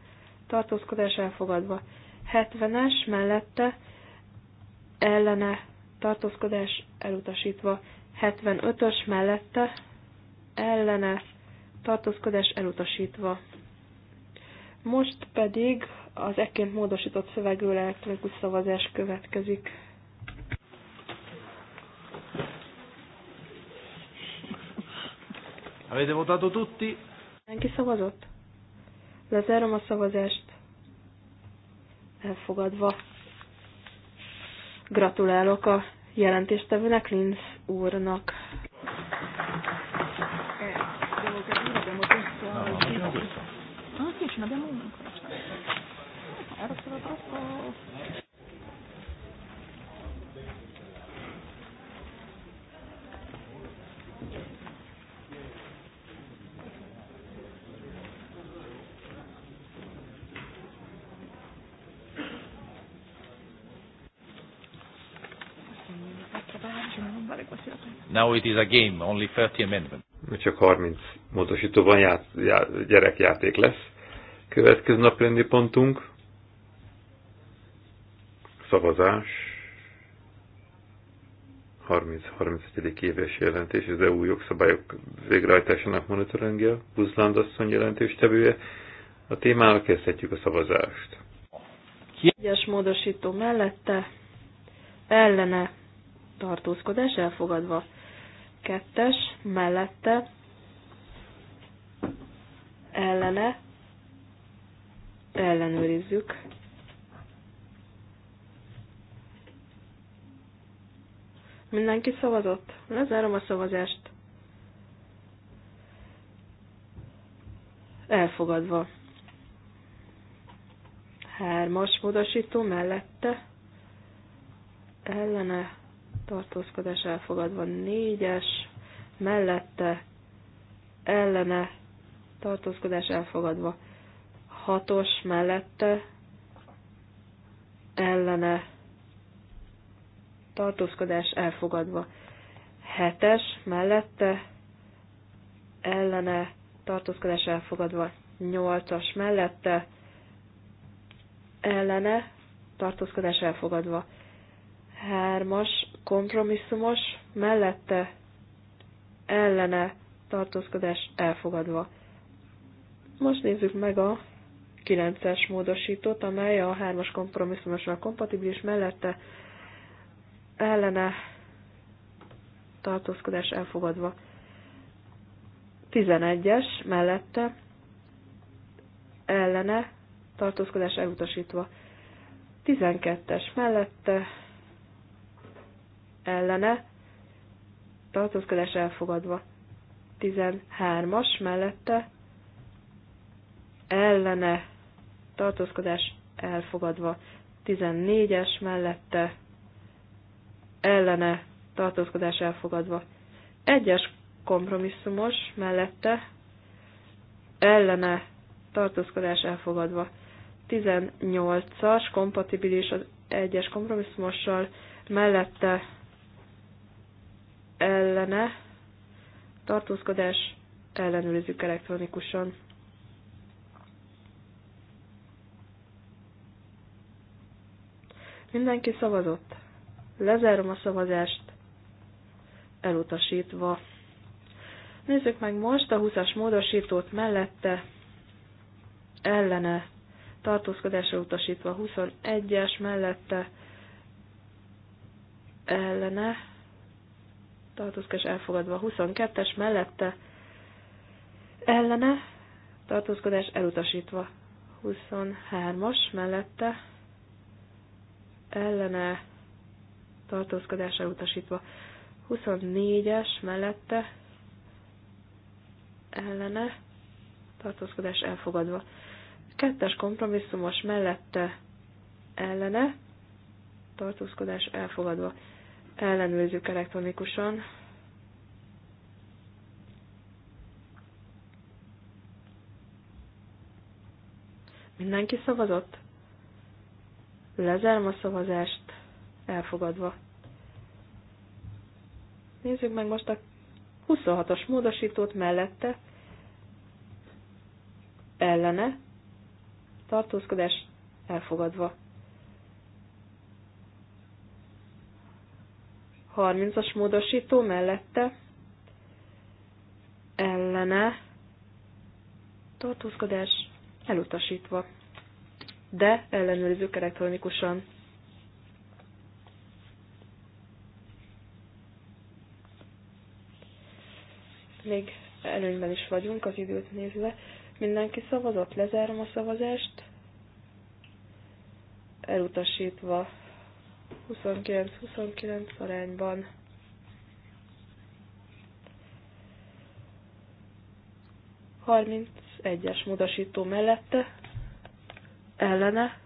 tartózkodás elfogadva. 70-es mellette ellene tartózkodás elutasítva. 75-ös mellette ellene tartózkodás elutasítva. Most pedig az ekként módosított szövegről elektronikus szavazás következik. Avete votato tutti? Senki szavazott? Lezárom a szavazást. Elfogadva. Gratulálok a jelentéstevőnek, Linz úrnak. ce n'abbiamo uno ancora. Era Now it is a game, only 30 amendment. Csak 30 módosítóban ját, ját, gyerekjáték lesz. Következő naprendi pontunk. Szavazás. 30-31. éves jelentés az EU jogszabályok végrehajtásának monitorengje, Buzland asszony jelentéstevője. A témára kezdhetjük a szavazást. Egyes módosító mellette ellene tartózkodás elfogadva. Kettes mellette ellene ellenőrizzük. Mindenki szavazott? Lezárom a szavazást. Elfogadva. Hármas módosító mellette. Ellene tartózkodás elfogadva. Négyes mellette. Ellene tartózkodás elfogadva hatos mellette ellene tartózkodás elfogadva. Hetes mellette ellene tartózkodás elfogadva. Nyolcas mellette ellene tartózkodás elfogadva. Hármas kompromisszumos mellette ellene tartózkodás elfogadva. Most nézzük meg a 9-es módosítót, amely a 3-as kompromisszumosra kompatibilis mellette ellene tartózkodás elfogadva. 11-es mellette ellene tartózkodás elutasítva. 12-es mellette ellene tartózkodás elfogadva. 13-as mellette ellene tartózkodás elfogadva. 14-es mellette ellene tartózkodás elfogadva. Egyes kompromisszumos mellette ellene tartózkodás elfogadva. 18-as kompatibilis az egyes kompromisszumossal mellette ellene tartózkodás ellenőrizzük elektronikusan. Mindenki szavazott. Lezárom a szavazást. Elutasítva. Nézzük meg most a 20-as módosítót mellette. Ellene. Tartózkodásra utasítva. 21-es mellette. Ellene. Tartózkodás elfogadva. 22-es mellette. Ellene. Tartózkodás elutasítva. 23-as mellette ellene tartózkodásra elutasítva. 24-es mellette ellene tartózkodás elfogadva. Kettes kompromisszumos mellette ellene tartózkodás elfogadva. Ellenőrizzük elektronikusan. Mindenki szavazott? Lezárom a szavazást, elfogadva. Nézzük meg most a 26 as módosítót mellette, ellene, tartózkodás elfogadva. 30-as módosító mellette, ellene, tartózkodás elutasítva de ellenőrizzük elektronikusan. Még előnyben is vagyunk az időt nézve. Mindenki szavazott, lezárom a szavazást. Elutasítva 29-29 arányban. 31 egyes módosító mellette ellene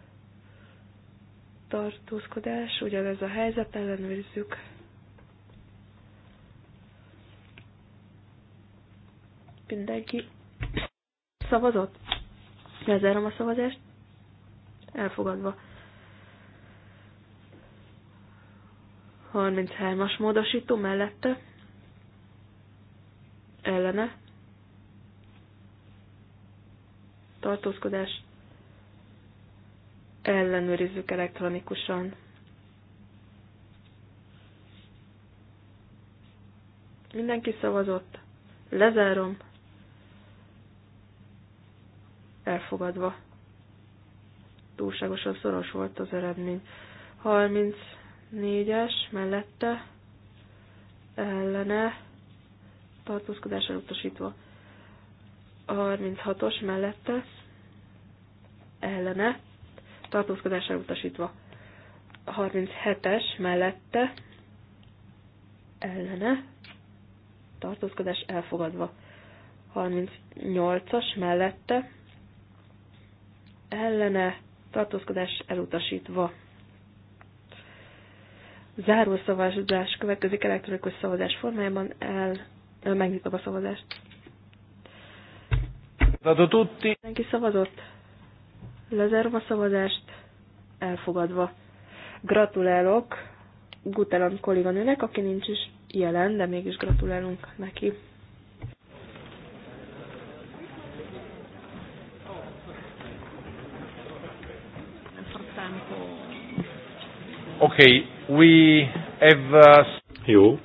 tartózkodás, ugyanez a helyzet, ellenőrizzük. Mindenki szavazott? Lezárom a szavazást. Elfogadva. 33-as módosító mellette. Ellene. Tartózkodás ellenőrizzük elektronikusan. Mindenki szavazott. Lezárom. Elfogadva. Túlságosan szoros volt az eredmény. 34-es mellette ellene tartózkodás utasítva. 36-os mellette ellene utasítva. elutasítva. 37-es mellette ellene tartózkodás elfogadva. 38-as mellette ellene tartózkodás elutasítva. Záró szavazás következik elektronikus szavazás formájában. El, megnyitom a szavazást. Mindenki szavazott? Lezárom a szavazást. Elfogadva. Gratulálok Guteland kolléganőnek, aki nincs is jelen, de mégis gratulálunk neki. Okay, we have... Uh... Jó,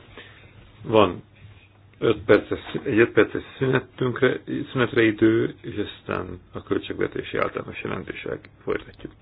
van öt perces, egy 5 perces szünetünkre, szünetre idő, és aztán a költségvetési általános jelentéssel folytatjuk.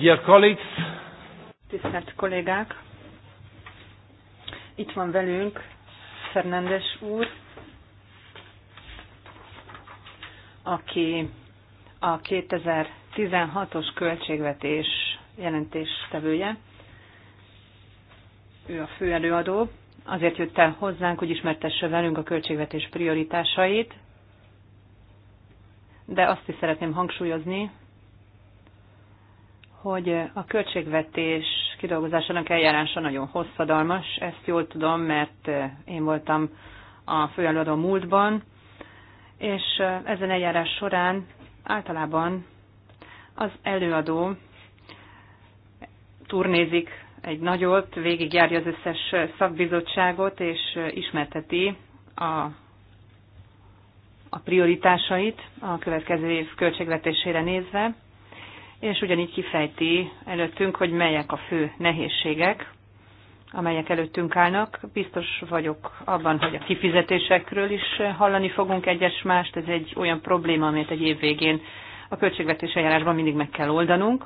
Dear colleagues, tisztelt kollégák, itt van velünk Fernandes úr, aki a 2016-os költségvetés jelentéstevője. Ő a fő előadó, Azért jött el hozzánk, hogy ismertesse velünk a költségvetés prioritásait, de azt is szeretném hangsúlyozni, hogy a költségvetés kidolgozásának eljárása nagyon hosszadalmas. Ezt jól tudom, mert én voltam a főelőadó múltban, és ezen eljárás során általában az előadó turnézik egy nagyot, végigjárja az összes szakbizottságot, és ismerteti a, a prioritásait a következő év költségvetésére nézve és ugyanígy kifejti előttünk, hogy melyek a fő nehézségek, amelyek előttünk állnak. Biztos vagyok abban, hogy a kifizetésekről is hallani fogunk egyes mást. Ez egy olyan probléma, amit egy év végén a költségvetés eljárásban mindig meg kell oldanunk.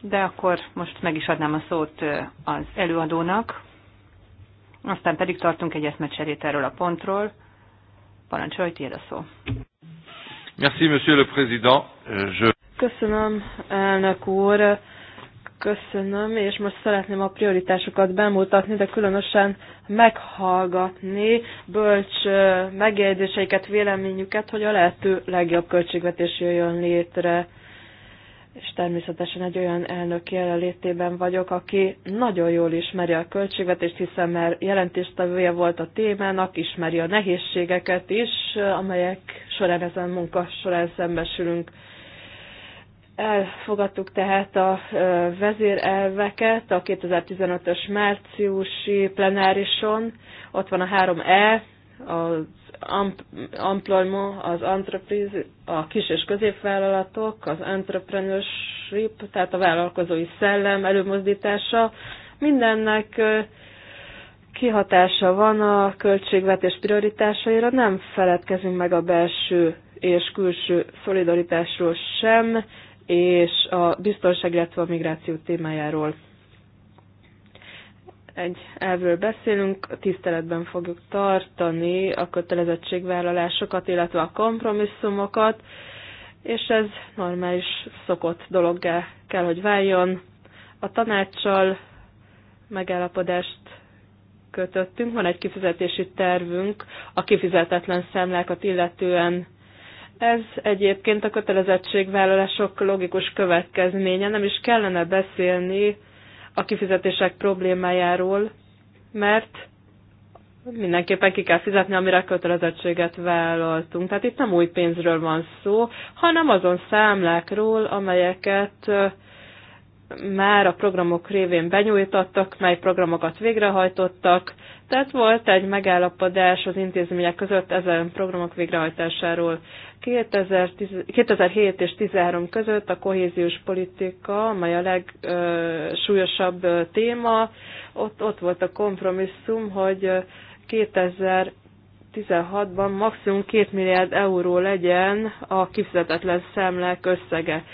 De akkor most meg is adnám a szót az előadónak. Aztán pedig tartunk egy eszmecserét erről a pontról. Parancsolj, tiéd a szó. Merci, monsieur le président. Euh, je... Köszönöm, elnök úr. Köszönöm, és most szeretném a prioritásokat bemutatni, de különösen meghallgatni bölcs megjegyzéseiket, véleményüket, hogy a lehető legjobb költségvetés jöjjön létre. És természetesen egy olyan elnök jelenlétében vagyok, aki nagyon jól ismeri a költségvetést, hiszen már jelentéstevője volt a témának, ismeri a nehézségeket is, amelyek során ezen munka során szembesülünk. Elfogadtuk tehát a vezérelveket a 2015-ös márciusi plenárison. Ott van a 3E, az employment, az entreprise, a kis és középvállalatok, az entrepreneurship, tehát a vállalkozói szellem előmozdítása. Mindennek kihatása van a költségvetés prioritásaira, nem feledkezünk meg a belső és külső szolidaritásról sem, és a biztonság, illetve a migráció témájáról. Egy elvről beszélünk, tiszteletben fogjuk tartani a kötelezettségvállalásokat, illetve a kompromisszumokat, és ez normális, szokott dologgá kell, hogy váljon. A tanácssal megállapodást kötöttünk, van egy kifizetési tervünk a kifizetetlen számlákat illetően ez egyébként a kötelezettségvállalások logikus következménye. Nem is kellene beszélni a kifizetések problémájáról, mert mindenképpen ki kell fizetni, amire kötelezettséget vállaltunk. Tehát itt nem új pénzről van szó, hanem azon számlákról, amelyeket már a programok révén benyújtottak, mely programokat végrehajtottak, tehát volt egy megállapodás az intézmények között ezen programok végrehajtásáról. 2007 és 2013 között a kohéziós politika, amely a legsúlyosabb téma, ott, ott volt a kompromisszum, hogy 2016-ban maximum 2 milliárd euró legyen a kifizetetlen számlák összege.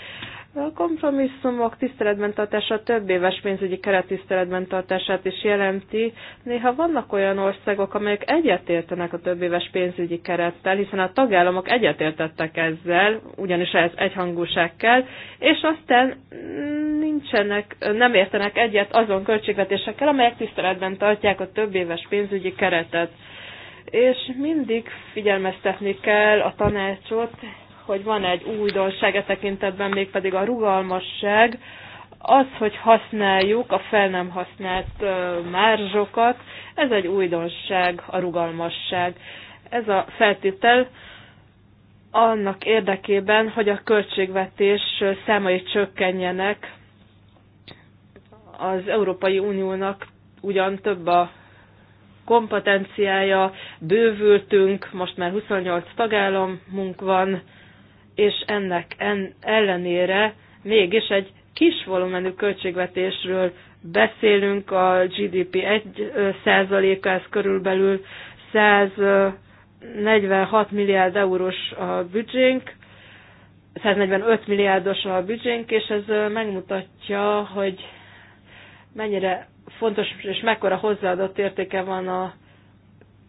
A kompromisszumok tiszteletben tartása több éves pénzügyi keret tiszteletben tartását is jelenti. Néha vannak olyan országok, amelyek egyetértenek a több éves pénzügyi kerettel, hiszen a tagállamok egyetértettek ezzel, ugyanis ez egyhangúság kell, és aztán nincsenek, nem értenek egyet azon költségvetésekkel, amelyek tiszteletben tartják a több éves pénzügyi keretet. És mindig figyelmeztetni kell a tanácsot hogy van egy újdonság e tekintetben, mégpedig a rugalmasság, az, hogy használjuk a fel nem használt márzsokat, ez egy újdonság, a rugalmasság. Ez a feltétel annak érdekében, hogy a költségvetés számai csökkenjenek. Az Európai Uniónak ugyan több a kompetenciája, bővültünk, most már 28 tagállamunk van, és ennek en, ellenére mégis egy kis volumenű költségvetésről beszélünk, a GDP 1%-ász körülbelül 146 milliárd eurós a büdzsénk, 145 milliárdos a büdzsénk, és ez megmutatja, hogy mennyire fontos és mekkora hozzáadott értéke van a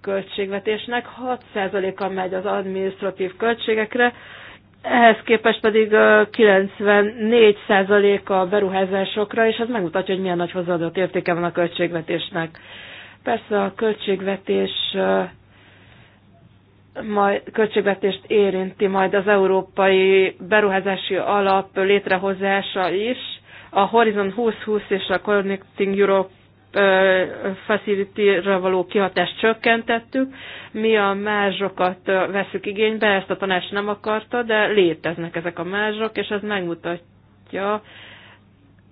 költségvetésnek. 6%-a megy az administratív költségekre, ehhez képest pedig 94% a beruházásokra, és ez megmutatja, hogy milyen nagy hozzáadott értéke van a költségvetésnek. Persze a költségvetés majd költségvetést érinti majd az Európai Beruházási Alap létrehozása is, a Horizon 2020 és a Connecting Europe facility-ra való kihatást csökkentettük. Mi a mázsokat veszük igénybe, ezt a tanács nem akarta, de léteznek ezek a mázsok, és ez megmutatja,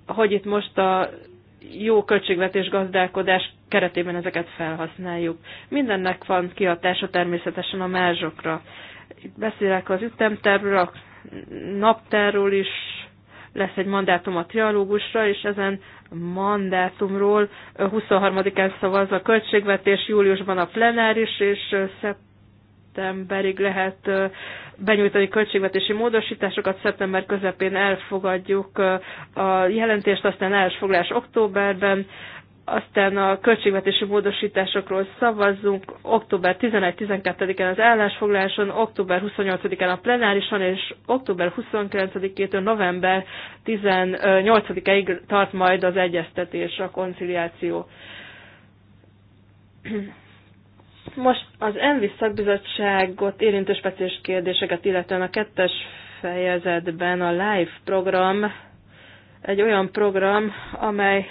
hogy itt most a jó költségvetés gazdálkodás keretében ezeket felhasználjuk. Mindennek van kihatása természetesen a mázsokra. Itt beszélek az ütemtervről, a naptárról is, lesz egy mandátum a trialógusra, és ezen mandátumról 23-án szavaz a költségvetés, júliusban a plenáris, és szeptemberig lehet benyújtani költségvetési módosításokat, szeptember közepén elfogadjuk a jelentést, aztán állásfoglás októberben, aztán a költségvetési módosításokról szavazzunk október 11-12-en az állásfoglaláson, október 28 en a plenárison, és október 29-től november 18-ig tart majd az egyeztetés, a konciliáció. Most az ENVI szakbizottságot érintő speciális kérdéseket, illetően a kettes fejezetben a live program egy olyan program, amely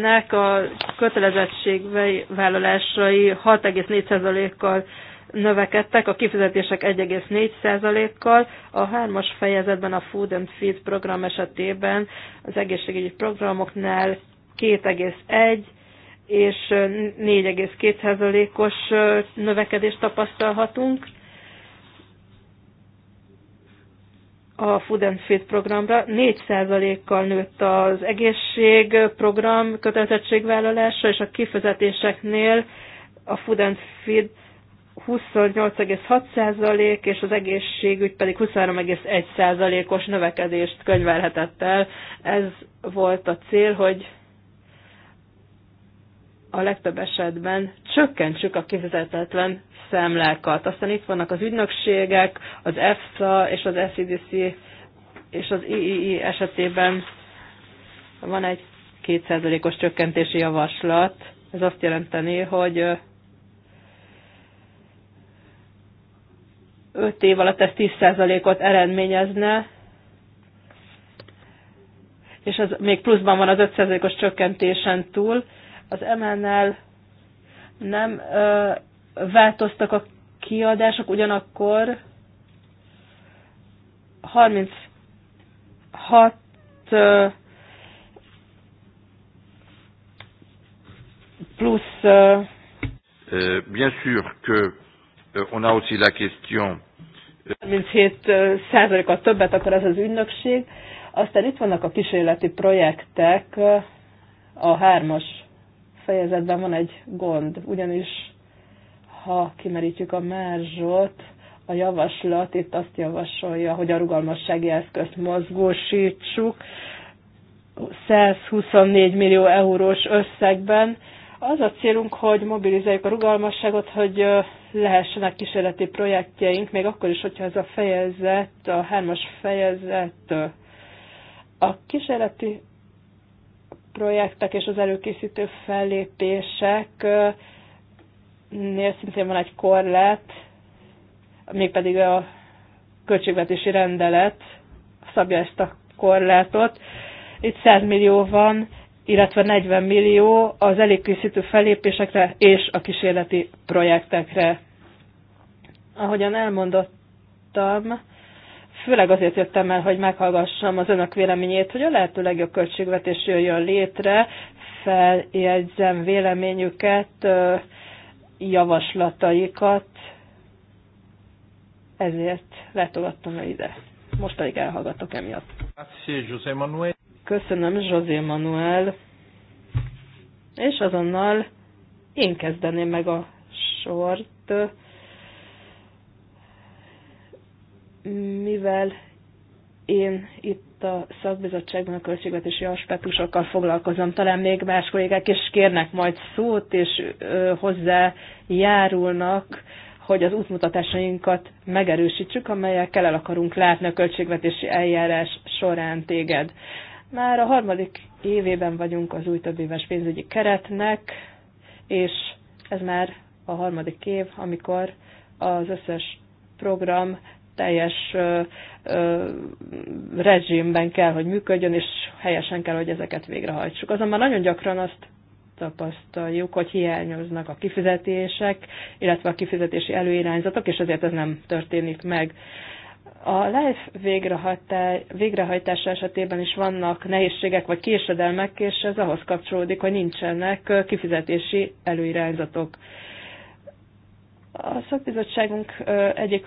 nek a kötelezettség vállalásai 6,4%-kal növekedtek, a kifizetések 1,4%-kal, a hármas fejezetben a Food and Feed program esetében az egészségügyi programoknál 2,1 és 4,2%-os növekedést tapasztalhatunk. a Food and Fit programra. 4%-kal nőtt az egészségprogram kötelezettségvállalása, és a kifizetéseknél a Food and Feed 28,6% és az egészségügy pedig 23,1%-os növekedést könyvelhetett el. Ez volt a cél, hogy a legtöbb esetben csökkentsük a kifizetetlen szemlákat. Aztán itt vannak az ügynökségek, az EFSA és az SCDC és az III esetében van egy kétszázalékos csökkentési javaslat. Ez azt jelenteni, hogy 5 év alatt ez 10%-ot eredményezne, és az még pluszban van az 5%-os csökkentésen túl, az MNL nem ö, változtak a kiadások, ugyanakkor 36 ö, plusz ö, euh, bien sûr que euh, on a aussi la question 37 euh, a többet akar ez az ügynökség. Aztán itt vannak a kísérleti projektek, a hármas fejezetben van egy gond, ugyanis ha kimerítjük a márzsot, a javaslat itt azt javasolja, hogy a rugalmassági eszközt mozgósítsuk 124 millió eurós összegben. Az a célunk, hogy mobilizáljuk a rugalmasságot, hogy lehessenek kísérleti projektjeink, még akkor is, hogyha ez a fejezet, a hármas fejezet, a kísérleti projektek és az előkészítő nél szintén van egy korlát, mégpedig a költségvetési rendelet szabja ezt a korlátot. Itt 100 millió van, illetve 40 millió az előkészítő fellépésekre és a kísérleti projektekre. Ahogyan elmondottam, főleg azért jöttem el, hogy meghallgassam az önök véleményét, hogy a lehető legjobb költségvetés jöjjön létre, feljegyzem véleményüket, javaslataikat, ezért látogattam el ide. Most pedig elhallgatok emiatt. Köszönöm, José Manuel. És azonnal én kezdeném meg a sort mivel én itt a szakbizottságban a költségvetési aspektusokkal foglalkozom. Talán még más kollégák is kérnek majd szót, és hozzá járulnak, hogy az útmutatásainkat megerősítsük, amelyekkel el akarunk látni a költségvetési eljárás során téged. Már a harmadik évében vagyunk az új több éves pénzügyi keretnek, és ez már a harmadik év, amikor az összes program teljes rezsimben kell, hogy működjön, és helyesen kell, hogy ezeket végrehajtsuk. Azonban nagyon gyakran azt tapasztaljuk, hogy hiányoznak a kifizetések, illetve a kifizetési előirányzatok, és ezért ez nem történik meg. A live végrehajtása esetében is vannak nehézségek vagy késedelmek, és ez ahhoz kapcsolódik, hogy nincsenek kifizetési előirányzatok. A szakbizottságunk egyik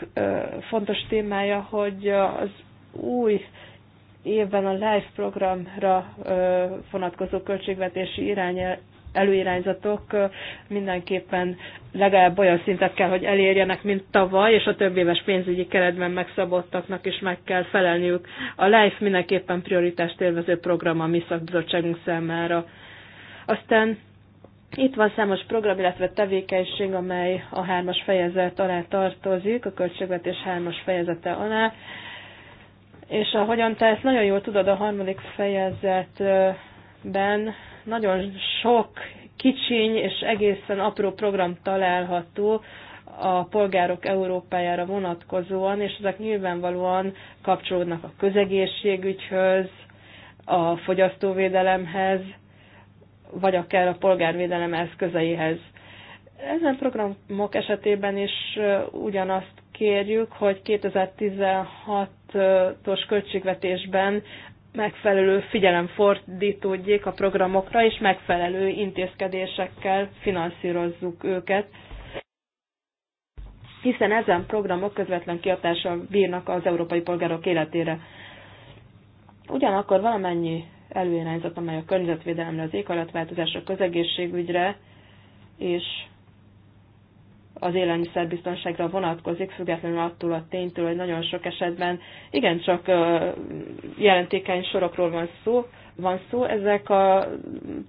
fontos témája, hogy az új évben a LIFE programra vonatkozó költségvetési irány előirányzatok mindenképpen legalább olyan szintet kell, hogy elérjenek, mint tavaly, és a több éves pénzügyi keretben megszabottaknak is meg kell felelniük. A LIFE mindenképpen prioritást élvező program a mi szakbizottságunk számára. Aztán itt van számos program, illetve tevékenység, amely a hármas fejezet alá tartozik, a költségvetés hármas fejezete alá. És ahogyan te ezt nagyon jól tudod, a harmadik fejezetben nagyon sok kicsiny és egészen apró program található a polgárok Európájára vonatkozóan, és ezek nyilvánvalóan kapcsolódnak a közegészségügyhöz, a fogyasztóvédelemhez, vagy akár a polgárvédelem eszközeihez. Ezen programok esetében is ugyanazt kérjük, hogy 2016-os költségvetésben megfelelő figyelem fordítódjék a programokra, és megfelelő intézkedésekkel finanszírozzuk őket, hiszen ezen programok közvetlen kiadással bírnak az európai polgárok életére. Ugyanakkor valamennyi előirányzat, amely a környezetvédelemre, az éghajlatváltozásra, közegészségügyre és az élelmiszerbiztonságra vonatkozik, függetlenül attól a ténytől, hogy nagyon sok esetben igencsak jelentékeny sorokról van szó, van szó, ezek a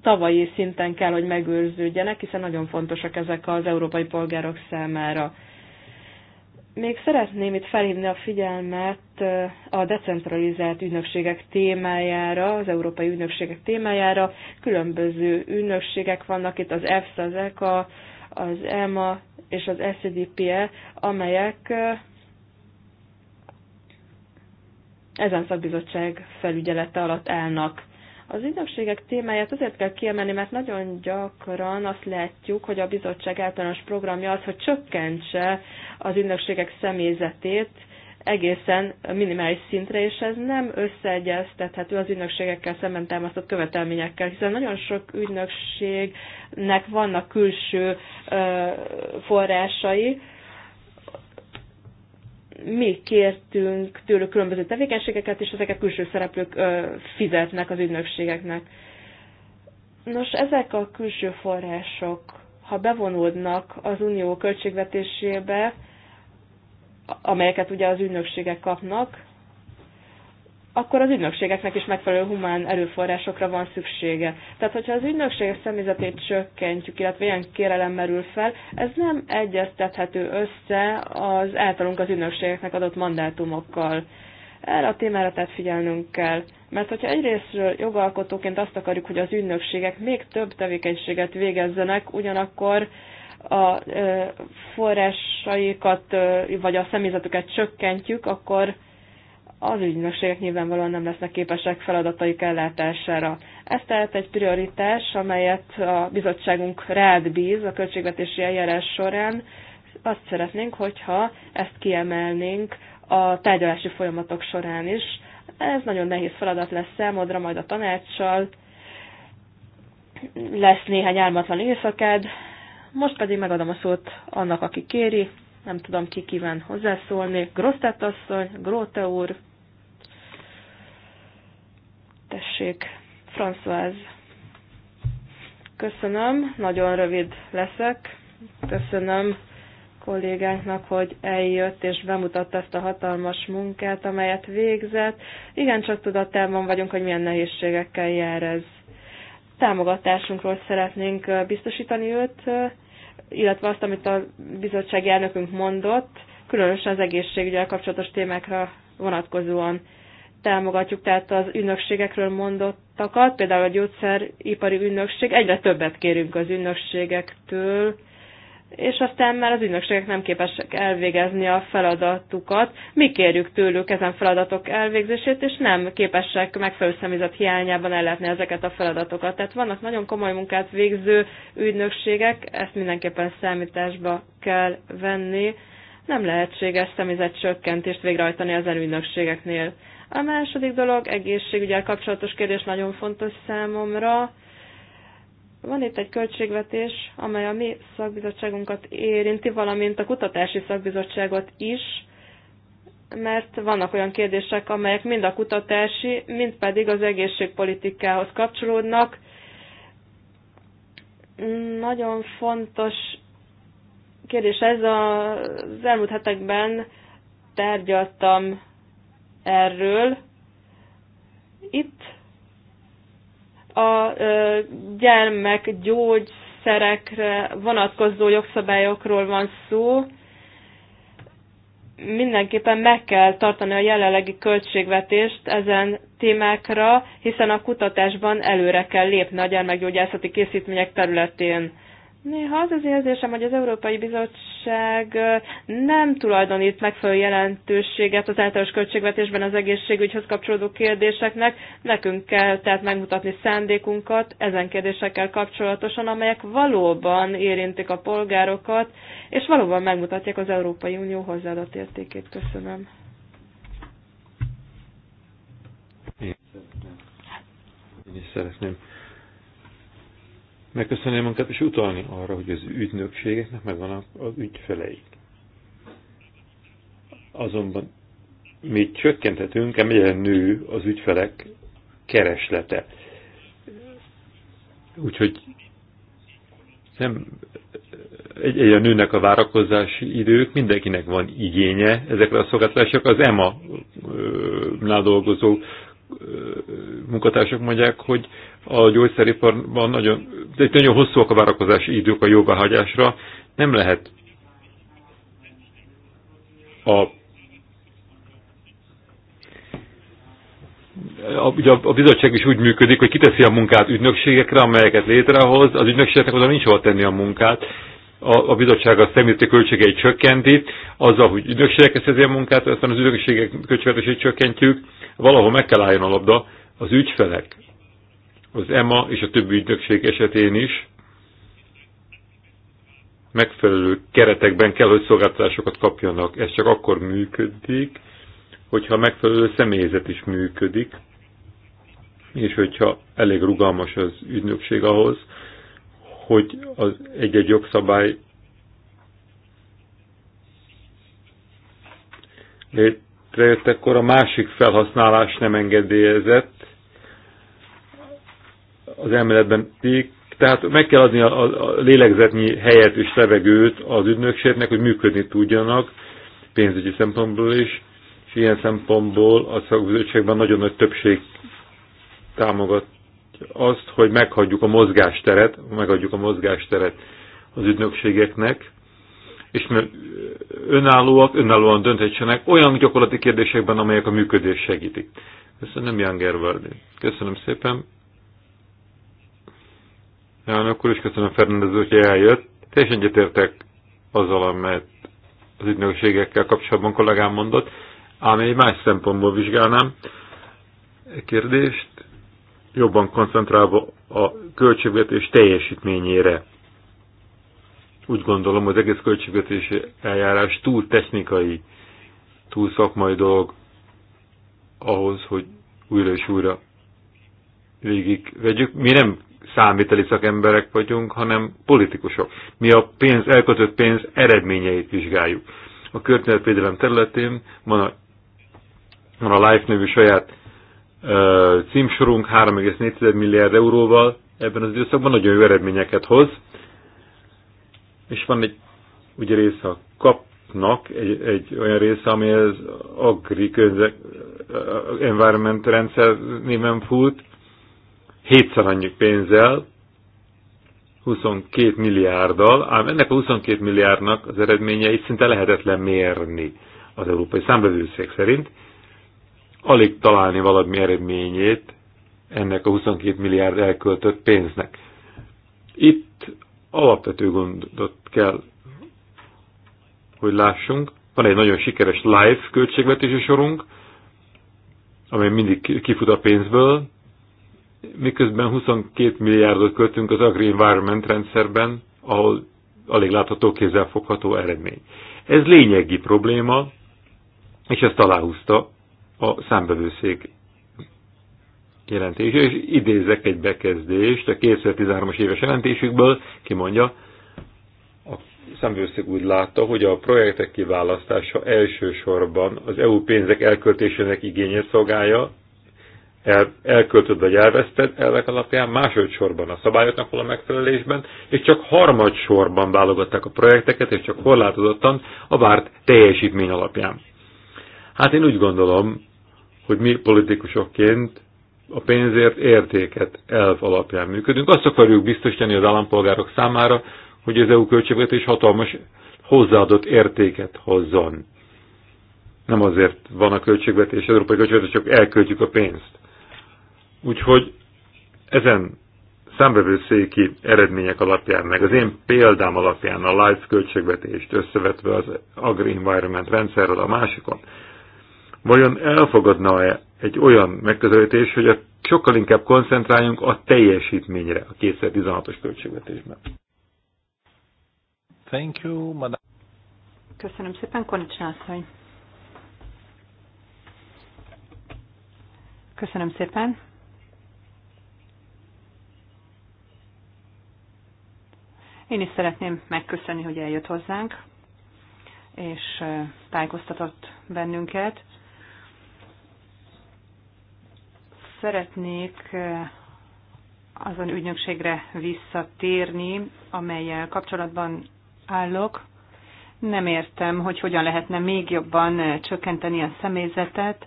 tavalyi szinten kell, hogy megőrződjenek, hiszen nagyon fontosak ezek az európai polgárok számára. Még szeretném itt felhívni a figyelmet a decentralizált ügynökségek témájára, az európai ügynökségek témájára. Különböző ügynökségek vannak itt, az EFSA, az ECA, az EMA és az SCDPE, amelyek ezen szakbizottság felügyelete alatt állnak. Az ügynökségek témáját azért kell kiemelni, mert nagyon gyakran azt látjuk, hogy a bizottság általános programja az, hogy csökkentse az ügynökségek személyzetét, egészen minimális szintre, és ez nem összeegyeztethető az ügynökségekkel szemben támasztott követelményekkel, hiszen nagyon sok ügynökségnek vannak külső forrásai, mi kértünk tőlük különböző tevékenységeket, és ezeket külső szereplők fizetnek az ügynökségeknek. Nos, ezek a külső források, ha bevonódnak az unió költségvetésébe, amelyeket ugye az ügynökségek kapnak, akkor az ügynökségeknek is megfelelő humán erőforrásokra van szüksége. Tehát, hogyha az ügynökségek személyzetét csökkentjük, illetve ilyen kérelem merül fel, ez nem egyeztethető össze az általunk az ügynökségeknek adott mandátumokkal. Erre a témára tehát figyelnünk kell. Mert hogyha egyrésztről jogalkotóként azt akarjuk, hogy az ügynökségek még több tevékenységet végezzenek, ugyanakkor a forrásaikat, vagy a személyzetüket csökkentjük, akkor az ügynökségek nyilvánvalóan nem lesznek képesek feladataik ellátására. Ez tehát egy prioritás, amelyet a bizottságunk rád bíz a költségvetési eljárás során. Azt szeretnénk, hogyha ezt kiemelnénk a tárgyalási folyamatok során is. Ez nagyon nehéz feladat lesz számodra, majd a tanácssal. Lesz néhány álmatlan éjszakád, most pedig megadom a szót annak, aki kéri. Nem tudom, ki kíván hozzászólni. Grosztát asszony, Gróte úr. Tessék, François. Köszönöm, nagyon rövid leszek. Köszönöm kollégánknak, hogy eljött és bemutatta ezt a hatalmas munkát, amelyet végzett. Igen, csak tudatában vagyunk, hogy milyen nehézségekkel jár ez támogatásunkról szeretnénk biztosítani őt, illetve azt, amit a bizottság elnökünk mondott, különösen az egészségügyel kapcsolatos témákra vonatkozóan támogatjuk, tehát az ünnökségekről mondottakat, például a gyógyszeripari ünnökség, egyre többet kérünk az ünnökségektől, és aztán már az ügynökségek nem képesek elvégezni a feladatukat. Mi kérjük tőlük ezen feladatok elvégzését, és nem képesek megfelelő személyzet hiányában ellátni ezeket a feladatokat. Tehát vannak nagyon komoly munkát végző ügynökségek, ezt mindenképpen számításba kell venni. Nem lehetséges személyzet csökkentést végrehajtani ezen ügynökségeknél. A második dolog, egészségügyel kapcsolatos kérdés nagyon fontos számomra van itt egy költségvetés, amely a mi szakbizottságunkat érinti, valamint a kutatási szakbizottságot is, mert vannak olyan kérdések, amelyek mind a kutatási, mind pedig az egészségpolitikához kapcsolódnak. Nagyon fontos kérdés ez a, az elmúlt hetekben tárgyaltam erről. Itt a gyermek gyógyszerekre vonatkozó jogszabályokról van szó, mindenképpen meg kell tartani a jelenlegi költségvetést ezen témákra, hiszen a kutatásban előre kell lépni a gyermekgyógyászati készítmények területén. Néha az az érzésem, hogy az Európai Bizottság nem tulajdonít megfelelő jelentőséget az általános költségvetésben az egészségügyhöz kapcsolódó kérdéseknek. Nekünk kell tehát megmutatni szándékunkat ezen kérdésekkel kapcsolatosan, amelyek valóban érintik a polgárokat, és valóban megmutatják az Európai Unió hozzáadott értékét. Köszönöm. Én is szeretném megköszönni munkát, és utalni arra, hogy az ügynökségeknek megvan az ügyfeleik. Azonban mi csökkenthetünk, emelyen nő az ügyfelek kereslete. Úgyhogy nem egy, a nőnek a várakozási idők, mindenkinek van igénye ezekre a szolgáltatásokra. Az EMA-nál dolgozó munkatársak mondják, hogy a gyógyszeriparban nagyon, de itt nagyon hosszúak a várakozási idők a jóváhagyásra, nem lehet a a, ugye a bizottság is úgy működik, hogy kiteszi a munkát ügynökségekre, amelyeket létrehoz, az ügynökségeknek oda nincs hova tenni a munkát, a, a bizottság a személyzeti költségeit csökkenti, azzal, hogy ügynökségek ezt a munkát, aztán az ügynökségek költségvetését csökkentjük, valahol meg kell álljon a labda, az ügyfelek, az EMA és a többi ügynökség esetén is megfelelő keretekben kell, hogy szolgáltatásokat kapjanak. Ez csak akkor működik, hogyha megfelelő személyzet is működik, és hogyha elég rugalmas az ügynökség ahhoz, hogy az egy-egy jogszabály jött, akkor a másik felhasználás nem engedélyezett az emeletben. Tehát meg kell adni a, a, a lélegzetnyi helyet és levegőt az ügynökségnek, hogy működni tudjanak, pénzügyi szempontból is, és ilyen szempontból a szakbizottságban nagyon nagy többség támogat azt, hogy meghagyjuk a mozgásteret, megadjuk a mozgásteret az ügynökségeknek, és mert önállóak, önállóan dönthetsenek olyan gyakorlati kérdésekben, amelyek a működés segítik. Köszönöm, Jan Gervardi. Köszönöm szépen. ja akkor is köszönöm Fernández, hogy eljött. Teljesen egyetértek azzal, amit az ügynökségekkel kapcsolatban kollégám mondott, ám egy más szempontból vizsgálnám a e kérdést, jobban koncentrálva a költségvetés teljesítményére úgy gondolom, az egész költségvetési eljárás túl technikai, túl szakmai dolog ahhoz, hogy újra és újra végig vegyük. Mi nem számíteli szakemberek vagyunk, hanem politikusok. Mi a pénz, elkötött pénz eredményeit vizsgáljuk. A környezetvédelem területén van a, van a Life nevű saját ö, címsorunk 3,4 milliárd euróval ebben az időszakban nagyon jó eredményeket hoz és van egy ugye része a kapnak, egy, egy olyan része, ami az agri eh, environment rendszer néven fut, hétszer annyi pénzzel, 22 milliárddal, ám ennek a 22 milliárdnak az eredményeit szinte lehetetlen mérni az Európai Számbevőszék szerint. Alig találni valami eredményét ennek a 22 milliárd elköltött pénznek. Itt alapvető gondot kell, hogy lássunk. Van egy nagyon sikeres live költségvetési sorunk, amely mindig kifut a pénzből, miközben 22 milliárdot költünk az Agri Environment rendszerben, ahol alig látható fogható eredmény. Ez lényegi probléma, és ezt aláhúzta a számbevőszék jelentése, és idézek egy bekezdést a 2013-as éves jelentésükből, ki mondja szemvőszék úgy látta, hogy a projektek kiválasztása elsősorban az EU pénzek elköltésének igényét szolgálja, el, elköltött vagy elvesztett elvek alapján, másodszorban a szabályoknak való megfelelésben, és csak harmadsorban válogatták a projekteket, és csak korlátozottan a várt teljesítmény alapján. Hát én úgy gondolom, hogy mi politikusokként a pénzért értéket elv alapján működünk. Azt akarjuk biztosítani az állampolgárok számára, hogy az EU költségvetés hatalmas hozzáadott értéket hozzon. Nem azért van a költségvetés, az európai költségvetés, csak elköltjük a pénzt. Úgyhogy ezen számbevőszéki eredmények alapján, meg az én példám alapján a LIFE költségvetést összevetve az agri-environment rendszerrel a másikon, vajon elfogadna-e egy olyan megközelítés, hogy a sokkal inkább koncentráljunk a teljesítményre a 2016-os költségvetésben? Thank you, madam. Köszönöm szépen, Konecsna asszony. Köszönöm szépen. Én is szeretném megköszönni, hogy eljött hozzánk, és tájékoztatott bennünket. Szeretnék azon ügynökségre visszatérni, amelyel kapcsolatban állok. Nem értem, hogy hogyan lehetne még jobban eh, csökkenteni a személyzetet.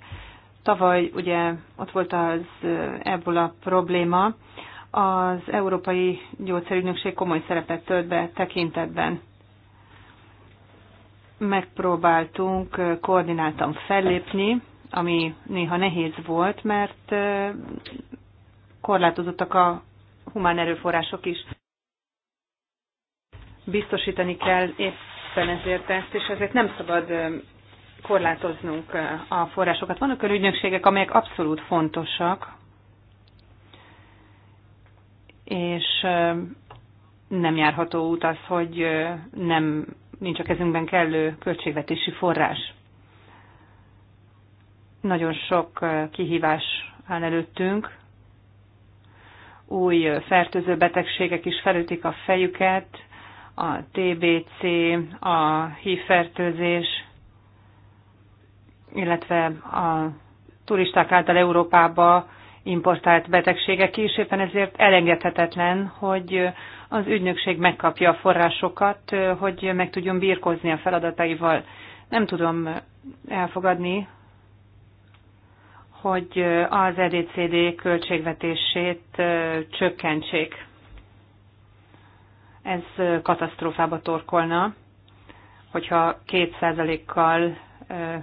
Tavaly ugye ott volt az eh, ebola probléma, az Európai Gyógyszerügynökség komoly szerepet tölt be tekintetben. Megpróbáltunk eh, koordináltan fellépni, ami néha nehéz volt, mert korlátozottak a humán erőforrások is biztosítani kell éppen ezért ezt, és ezért nem szabad korlátoznunk a forrásokat. Vannak olyan ügynökségek, amelyek abszolút fontosak, és nem járható út az, hogy nem, nincs a kezünkben kellő költségvetési forrás. Nagyon sok kihívás áll előttünk. Új fertőző betegségek is felütik a fejüket, a TBC, a hívfertőzés, illetve a turisták által Európába importált betegségek is, éppen ezért elengedhetetlen, hogy az ügynökség megkapja a forrásokat, hogy meg tudjon birkozni a feladataival. Nem tudom elfogadni, hogy az EDCD költségvetését csökkentsék. Ez katasztrófába torkolna, hogyha 2%-kal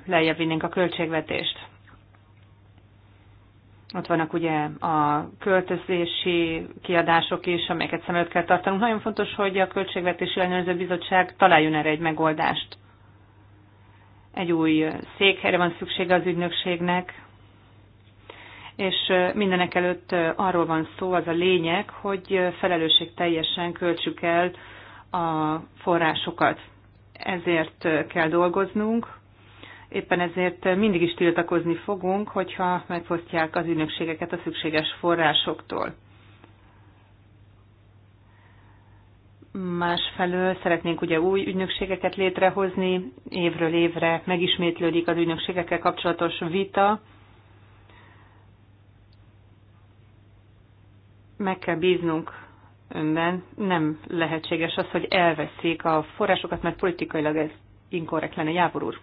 lejjebb vinnénk a költségvetést. Ott vannak ugye a költözési kiadások is, amelyeket szem előtt kell tartanunk. Nagyon fontos, hogy a Költségvetési Ellenőrző Bizottság találjon erre egy megoldást. Egy új székhelyre van szüksége az ügynökségnek, és mindenek előtt arról van szó, az a lényeg, hogy felelősség teljesen költsük el a forrásokat. Ezért kell dolgoznunk, éppen ezért mindig is tiltakozni fogunk, hogyha megfosztják az ügynökségeket a szükséges forrásoktól. Másfelől szeretnénk ugye új ügynökségeket létrehozni, évről évre megismétlődik az ügynökségekkel kapcsolatos vita, meg kell bíznunk önben. Nem lehetséges az, hogy elveszik a forrásokat, mert politikailag ez inkorrekt lenne. Jábor úr.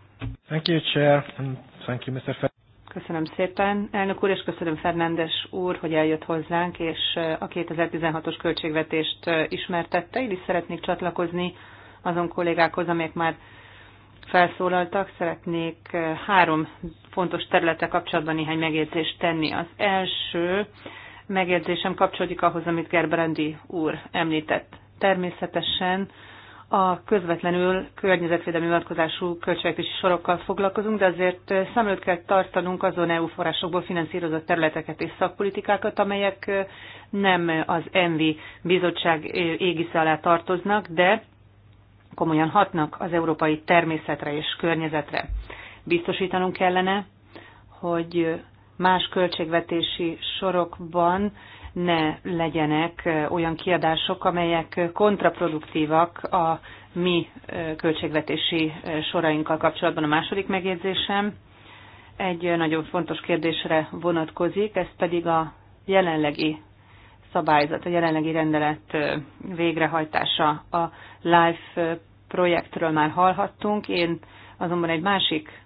Thank you, Chair, and thank you, Mr. Fer Köszönöm szépen, elnök úr, és köszönöm Fernándes úr, hogy eljött hozzánk, és a 2016-os költségvetést ismertette. Én is szeretnék csatlakozni azon kollégákhoz, amelyek már felszólaltak. Szeretnék három fontos területe kapcsolatban néhány megjegyzést tenni. Az első megjegyzésem kapcsolódik ahhoz, amit Gerberendi úr említett. Természetesen a közvetlenül környezetvédelmi vonatkozású költségvetési sorokkal foglalkozunk, de azért szem előtt kell tartanunk azon EU forrásokból finanszírozott területeket és szakpolitikákat, amelyek nem az ENVI bizottság égisze alá tartoznak, de komolyan hatnak az európai természetre és környezetre. Biztosítanunk kellene, hogy más költségvetési sorokban ne legyenek olyan kiadások, amelyek kontraproduktívak a mi költségvetési sorainkkal kapcsolatban. A második megjegyzésem egy nagyon fontos kérdésre vonatkozik, ez pedig a jelenlegi szabályzat, a jelenlegi rendelet végrehajtása. A LIFE projektről már hallhattunk, én azonban egy másik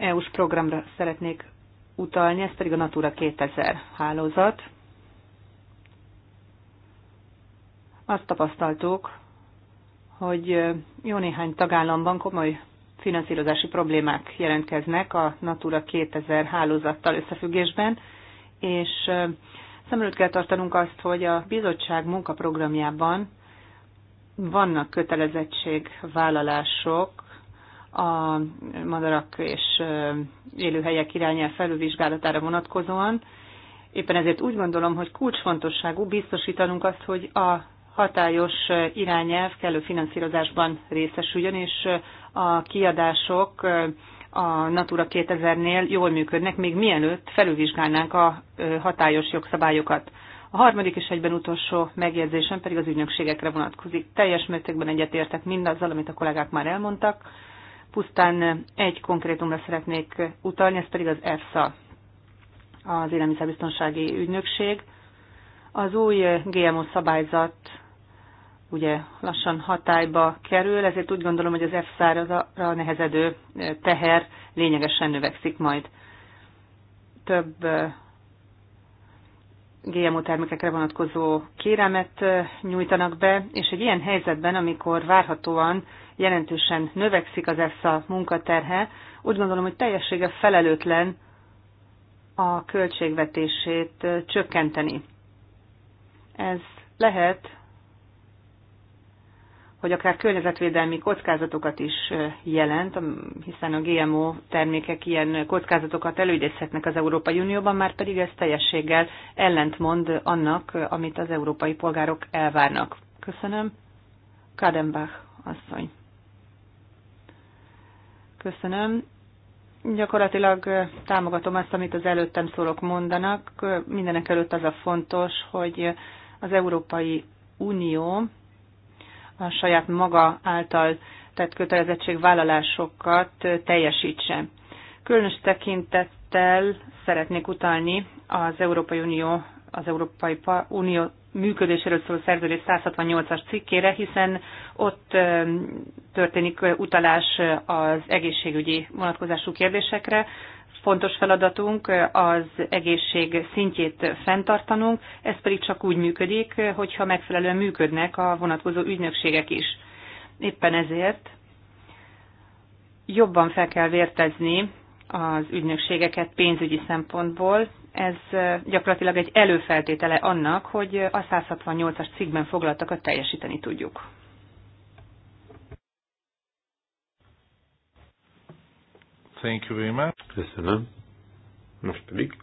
EU-s programra szeretnék utalni, ez pedig a Natura 2000 hálózat. Azt tapasztaltuk, hogy jó néhány tagállamban komoly finanszírozási problémák jelentkeznek a Natura 2000 hálózattal összefüggésben, és szem előtt kell tartanunk azt, hogy a bizottság munkaprogramjában vannak kötelezettségvállalások a madarak és élőhelyek irányel felülvizsgálatára vonatkozóan. Éppen ezért úgy gondolom, hogy kulcsfontosságú biztosítanunk azt, hogy a hatályos irányelv kellő finanszírozásban részesüljön, és a kiadások a Natura 2000-nél jól működnek, még mielőtt felülvizsgálnánk a hatályos jogszabályokat. A harmadik és egyben utolsó megjegyzésem pedig az ügynökségekre vonatkozik. Teljes mértékben egyetértek mindazzal, amit a kollégák már elmondtak. Pusztán egy konkrétumra szeretnék utalni, ez pedig az EFSA, az Élelmiszerbiztonsági Ügynökség. Az új GMO szabályzat ugye lassan hatályba kerül, ezért úgy gondolom, hogy az EFSA-ra nehezedő teher lényegesen növekszik majd. Több GMO termékekre vonatkozó kéremet nyújtanak be, és egy ilyen helyzetben, amikor várhatóan jelentősen növekszik az EFSA munkaterhe, úgy gondolom, hogy teljessége felelőtlen a költségvetését csökkenteni. Ez lehet hogy akár környezetvédelmi kockázatokat is jelent, hiszen a GMO termékek ilyen kockázatokat előidézhetnek az Európai Unióban, már pedig ez teljességgel ellentmond annak, amit az európai polgárok elvárnak. Köszönöm. Kadenbach asszony. Köszönöm. Gyakorlatilag támogatom azt, amit az előttem szólók mondanak. Mindenek előtt az a fontos, hogy az Európai Unió a saját maga által tett kötelezettségvállalásokat teljesítse. Különös tekintettel szeretnék utalni az Európai Unió, az Európai Unió működéséről szóló szerződés 168-as cikkére, hiszen ott történik utalás az egészségügyi vonatkozású kérdésekre, Fontos feladatunk az egészség szintjét fenntartanunk, ez pedig csak úgy működik, hogyha megfelelően működnek a vonatkozó ügynökségek is. Éppen ezért jobban fel kell vértezni az ügynökségeket pénzügyi szempontból. Ez gyakorlatilag egy előfeltétele annak, hogy a 168-as cikkben foglaltakat teljesíteni tudjuk. Thank you very much. Köszönöm. Most pedig,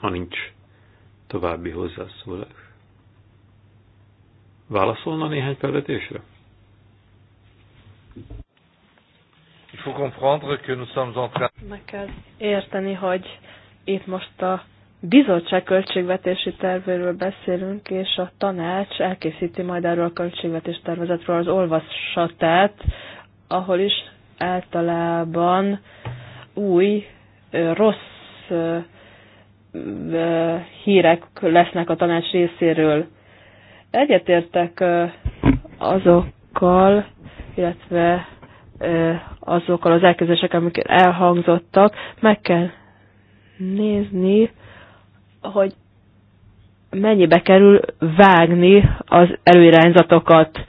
ha nincs további hozzászólás, válaszolna néhány felvetésre? Il faut comprendre que nous sommes en train... Meg kell érteni, hogy itt most a bizottság költségvetési tervéről beszélünk, és a tanács elkészíti majd erről a költségvetés tervezetről az olvasatát, ahol is általában új, rossz hírek lesznek a tanács részéről. Egyetértek azokkal, illetve azokkal az elképzelések, amik elhangzottak, meg kell nézni, hogy mennyibe kerül vágni az előirányzatokat.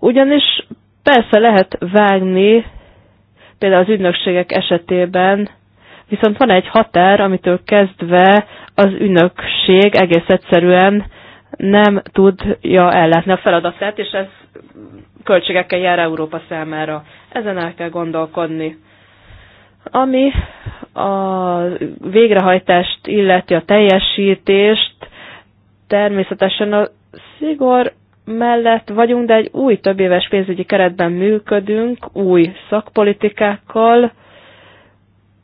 Ugyanis persze lehet vágni, például az ügynökségek esetében, viszont van egy határ, amitől kezdve az ügynökség egész egyszerűen nem tudja ellátni a feladatát, és ez költségekkel jár Európa számára. Ezen el kell gondolkodni. Ami a végrehajtást illeti a teljesítést, természetesen a szigor mellett vagyunk, de egy új több éves pénzügyi keretben működünk, új szakpolitikákkal,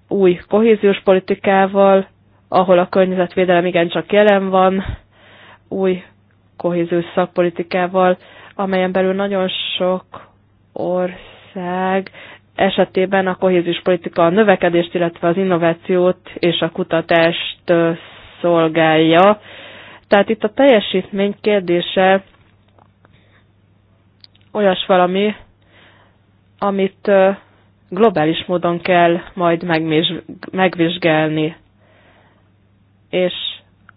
új kohéziós politikával, ahol a környezetvédelem igencsak jelen van, új kohéziós szakpolitikával, amelyen belül nagyon sok ország esetében a kohéziós politika a növekedést, illetve az innovációt és a kutatást szolgálja. Tehát itt a teljesítmény kérdése olyas valami, amit globális módon kell majd megvizsgálni. És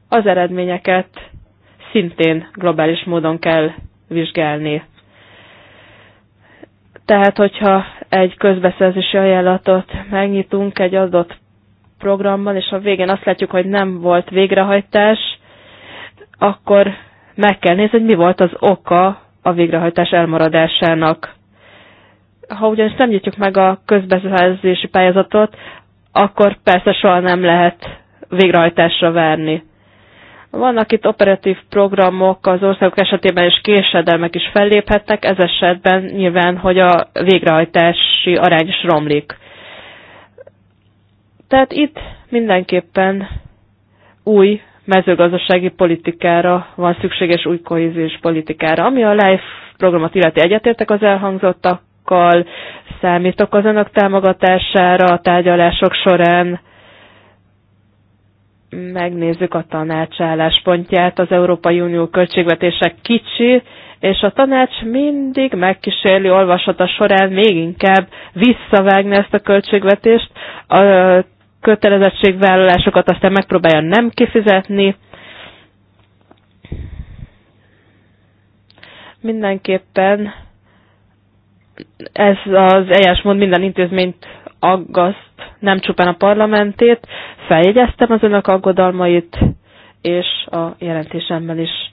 az eredményeket szintén globális módon kell vizsgálni. Tehát, hogyha egy közbeszerzési ajánlatot megnyitunk egy adott programban, és a végén azt látjuk, hogy nem volt végrehajtás, akkor meg kell nézni, hogy mi volt az oka a végrehajtás elmaradásának. Ha ugyanis nem nyitjuk meg a közbeszerzési pályázatot, akkor persze soha nem lehet végrehajtásra várni. Vannak itt operatív programok, az országok esetében is késedelmek is felléphetnek, ez esetben nyilván, hogy a végrehajtási arány is romlik. Tehát itt mindenképpen új mezőgazdasági politikára van szükséges új kohéziós politikára. Ami a LIFE programot illeti egyetértek az elhangzottakkal, számítok az önök támogatására a tárgyalások során. Megnézzük a tanács álláspontját. Az Európai Unió költségvetése kicsi, és a tanács mindig megkísérli olvasata során még inkább visszavágni ezt a költségvetést. A kötelezettségvállalásokat aztán megpróbálja nem kifizetni. Mindenképpen ez az mond minden intézményt aggaszt, nem csupán a parlamentét. Feljegyeztem az önök aggodalmait, és a jelentésemmel is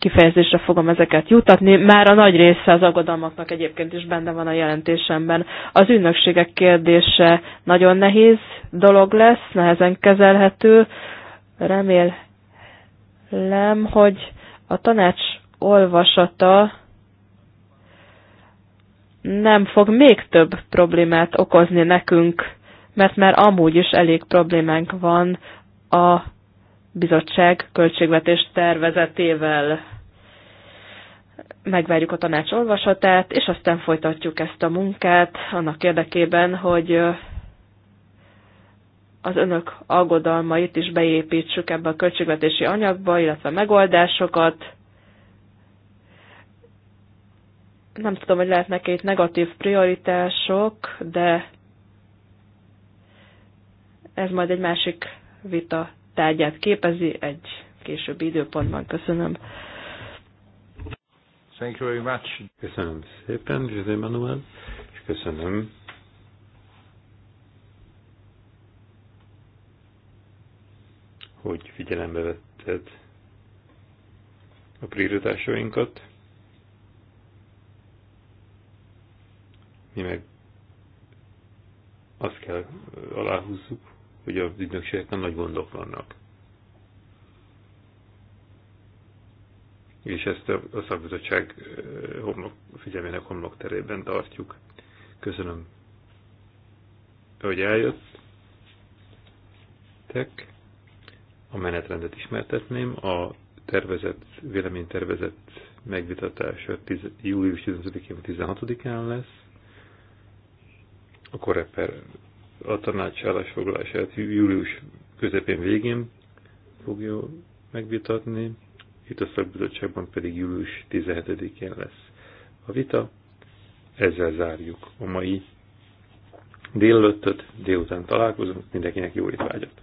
kifejezésre fogom ezeket jutatni. Már a nagy része az aggodalmaknak egyébként is benne van a jelentésemben. Az ünnökségek kérdése nagyon nehéz dolog lesz, nehezen kezelhető. Remélem, hogy a tanács olvasata nem fog még több problémát okozni nekünk, mert már amúgy is elég problémánk van a bizottság költségvetés tervezetével. Megvárjuk a tanács olvasatát, és aztán folytatjuk ezt a munkát annak érdekében, hogy az önök aggodalmait is beépítsük ebbe a költségvetési anyagba, illetve megoldásokat. Nem tudom, hogy lehetnek itt negatív prioritások, de ez majd egy másik vita tárgyát képezi egy későbbi időpontban. Köszönöm. Thank you very much. Köszönöm szépen, José Manuel, és köszönöm. hogy figyelembe vetted a prioritásainkat. Mi meg azt kell aláhúzzuk, hogy az ügynökségeknek nagy gondok vannak. És ezt a szakbizottság homlok, figyelmének homlokterében tartjuk. Köszönöm, hogy eljöttek. A menetrendet ismertetném. A tervezett, véleménytervezett megvitatása 10, július 15-én 16-án lesz. A korreper a tanács állásfoglalását július közepén végén fogja megvitatni, itt a szakbizottságban pedig július 17-én lesz a vita. Ezzel zárjuk a mai délelőttöt, délután találkozunk, mindenkinek jó étvágyat!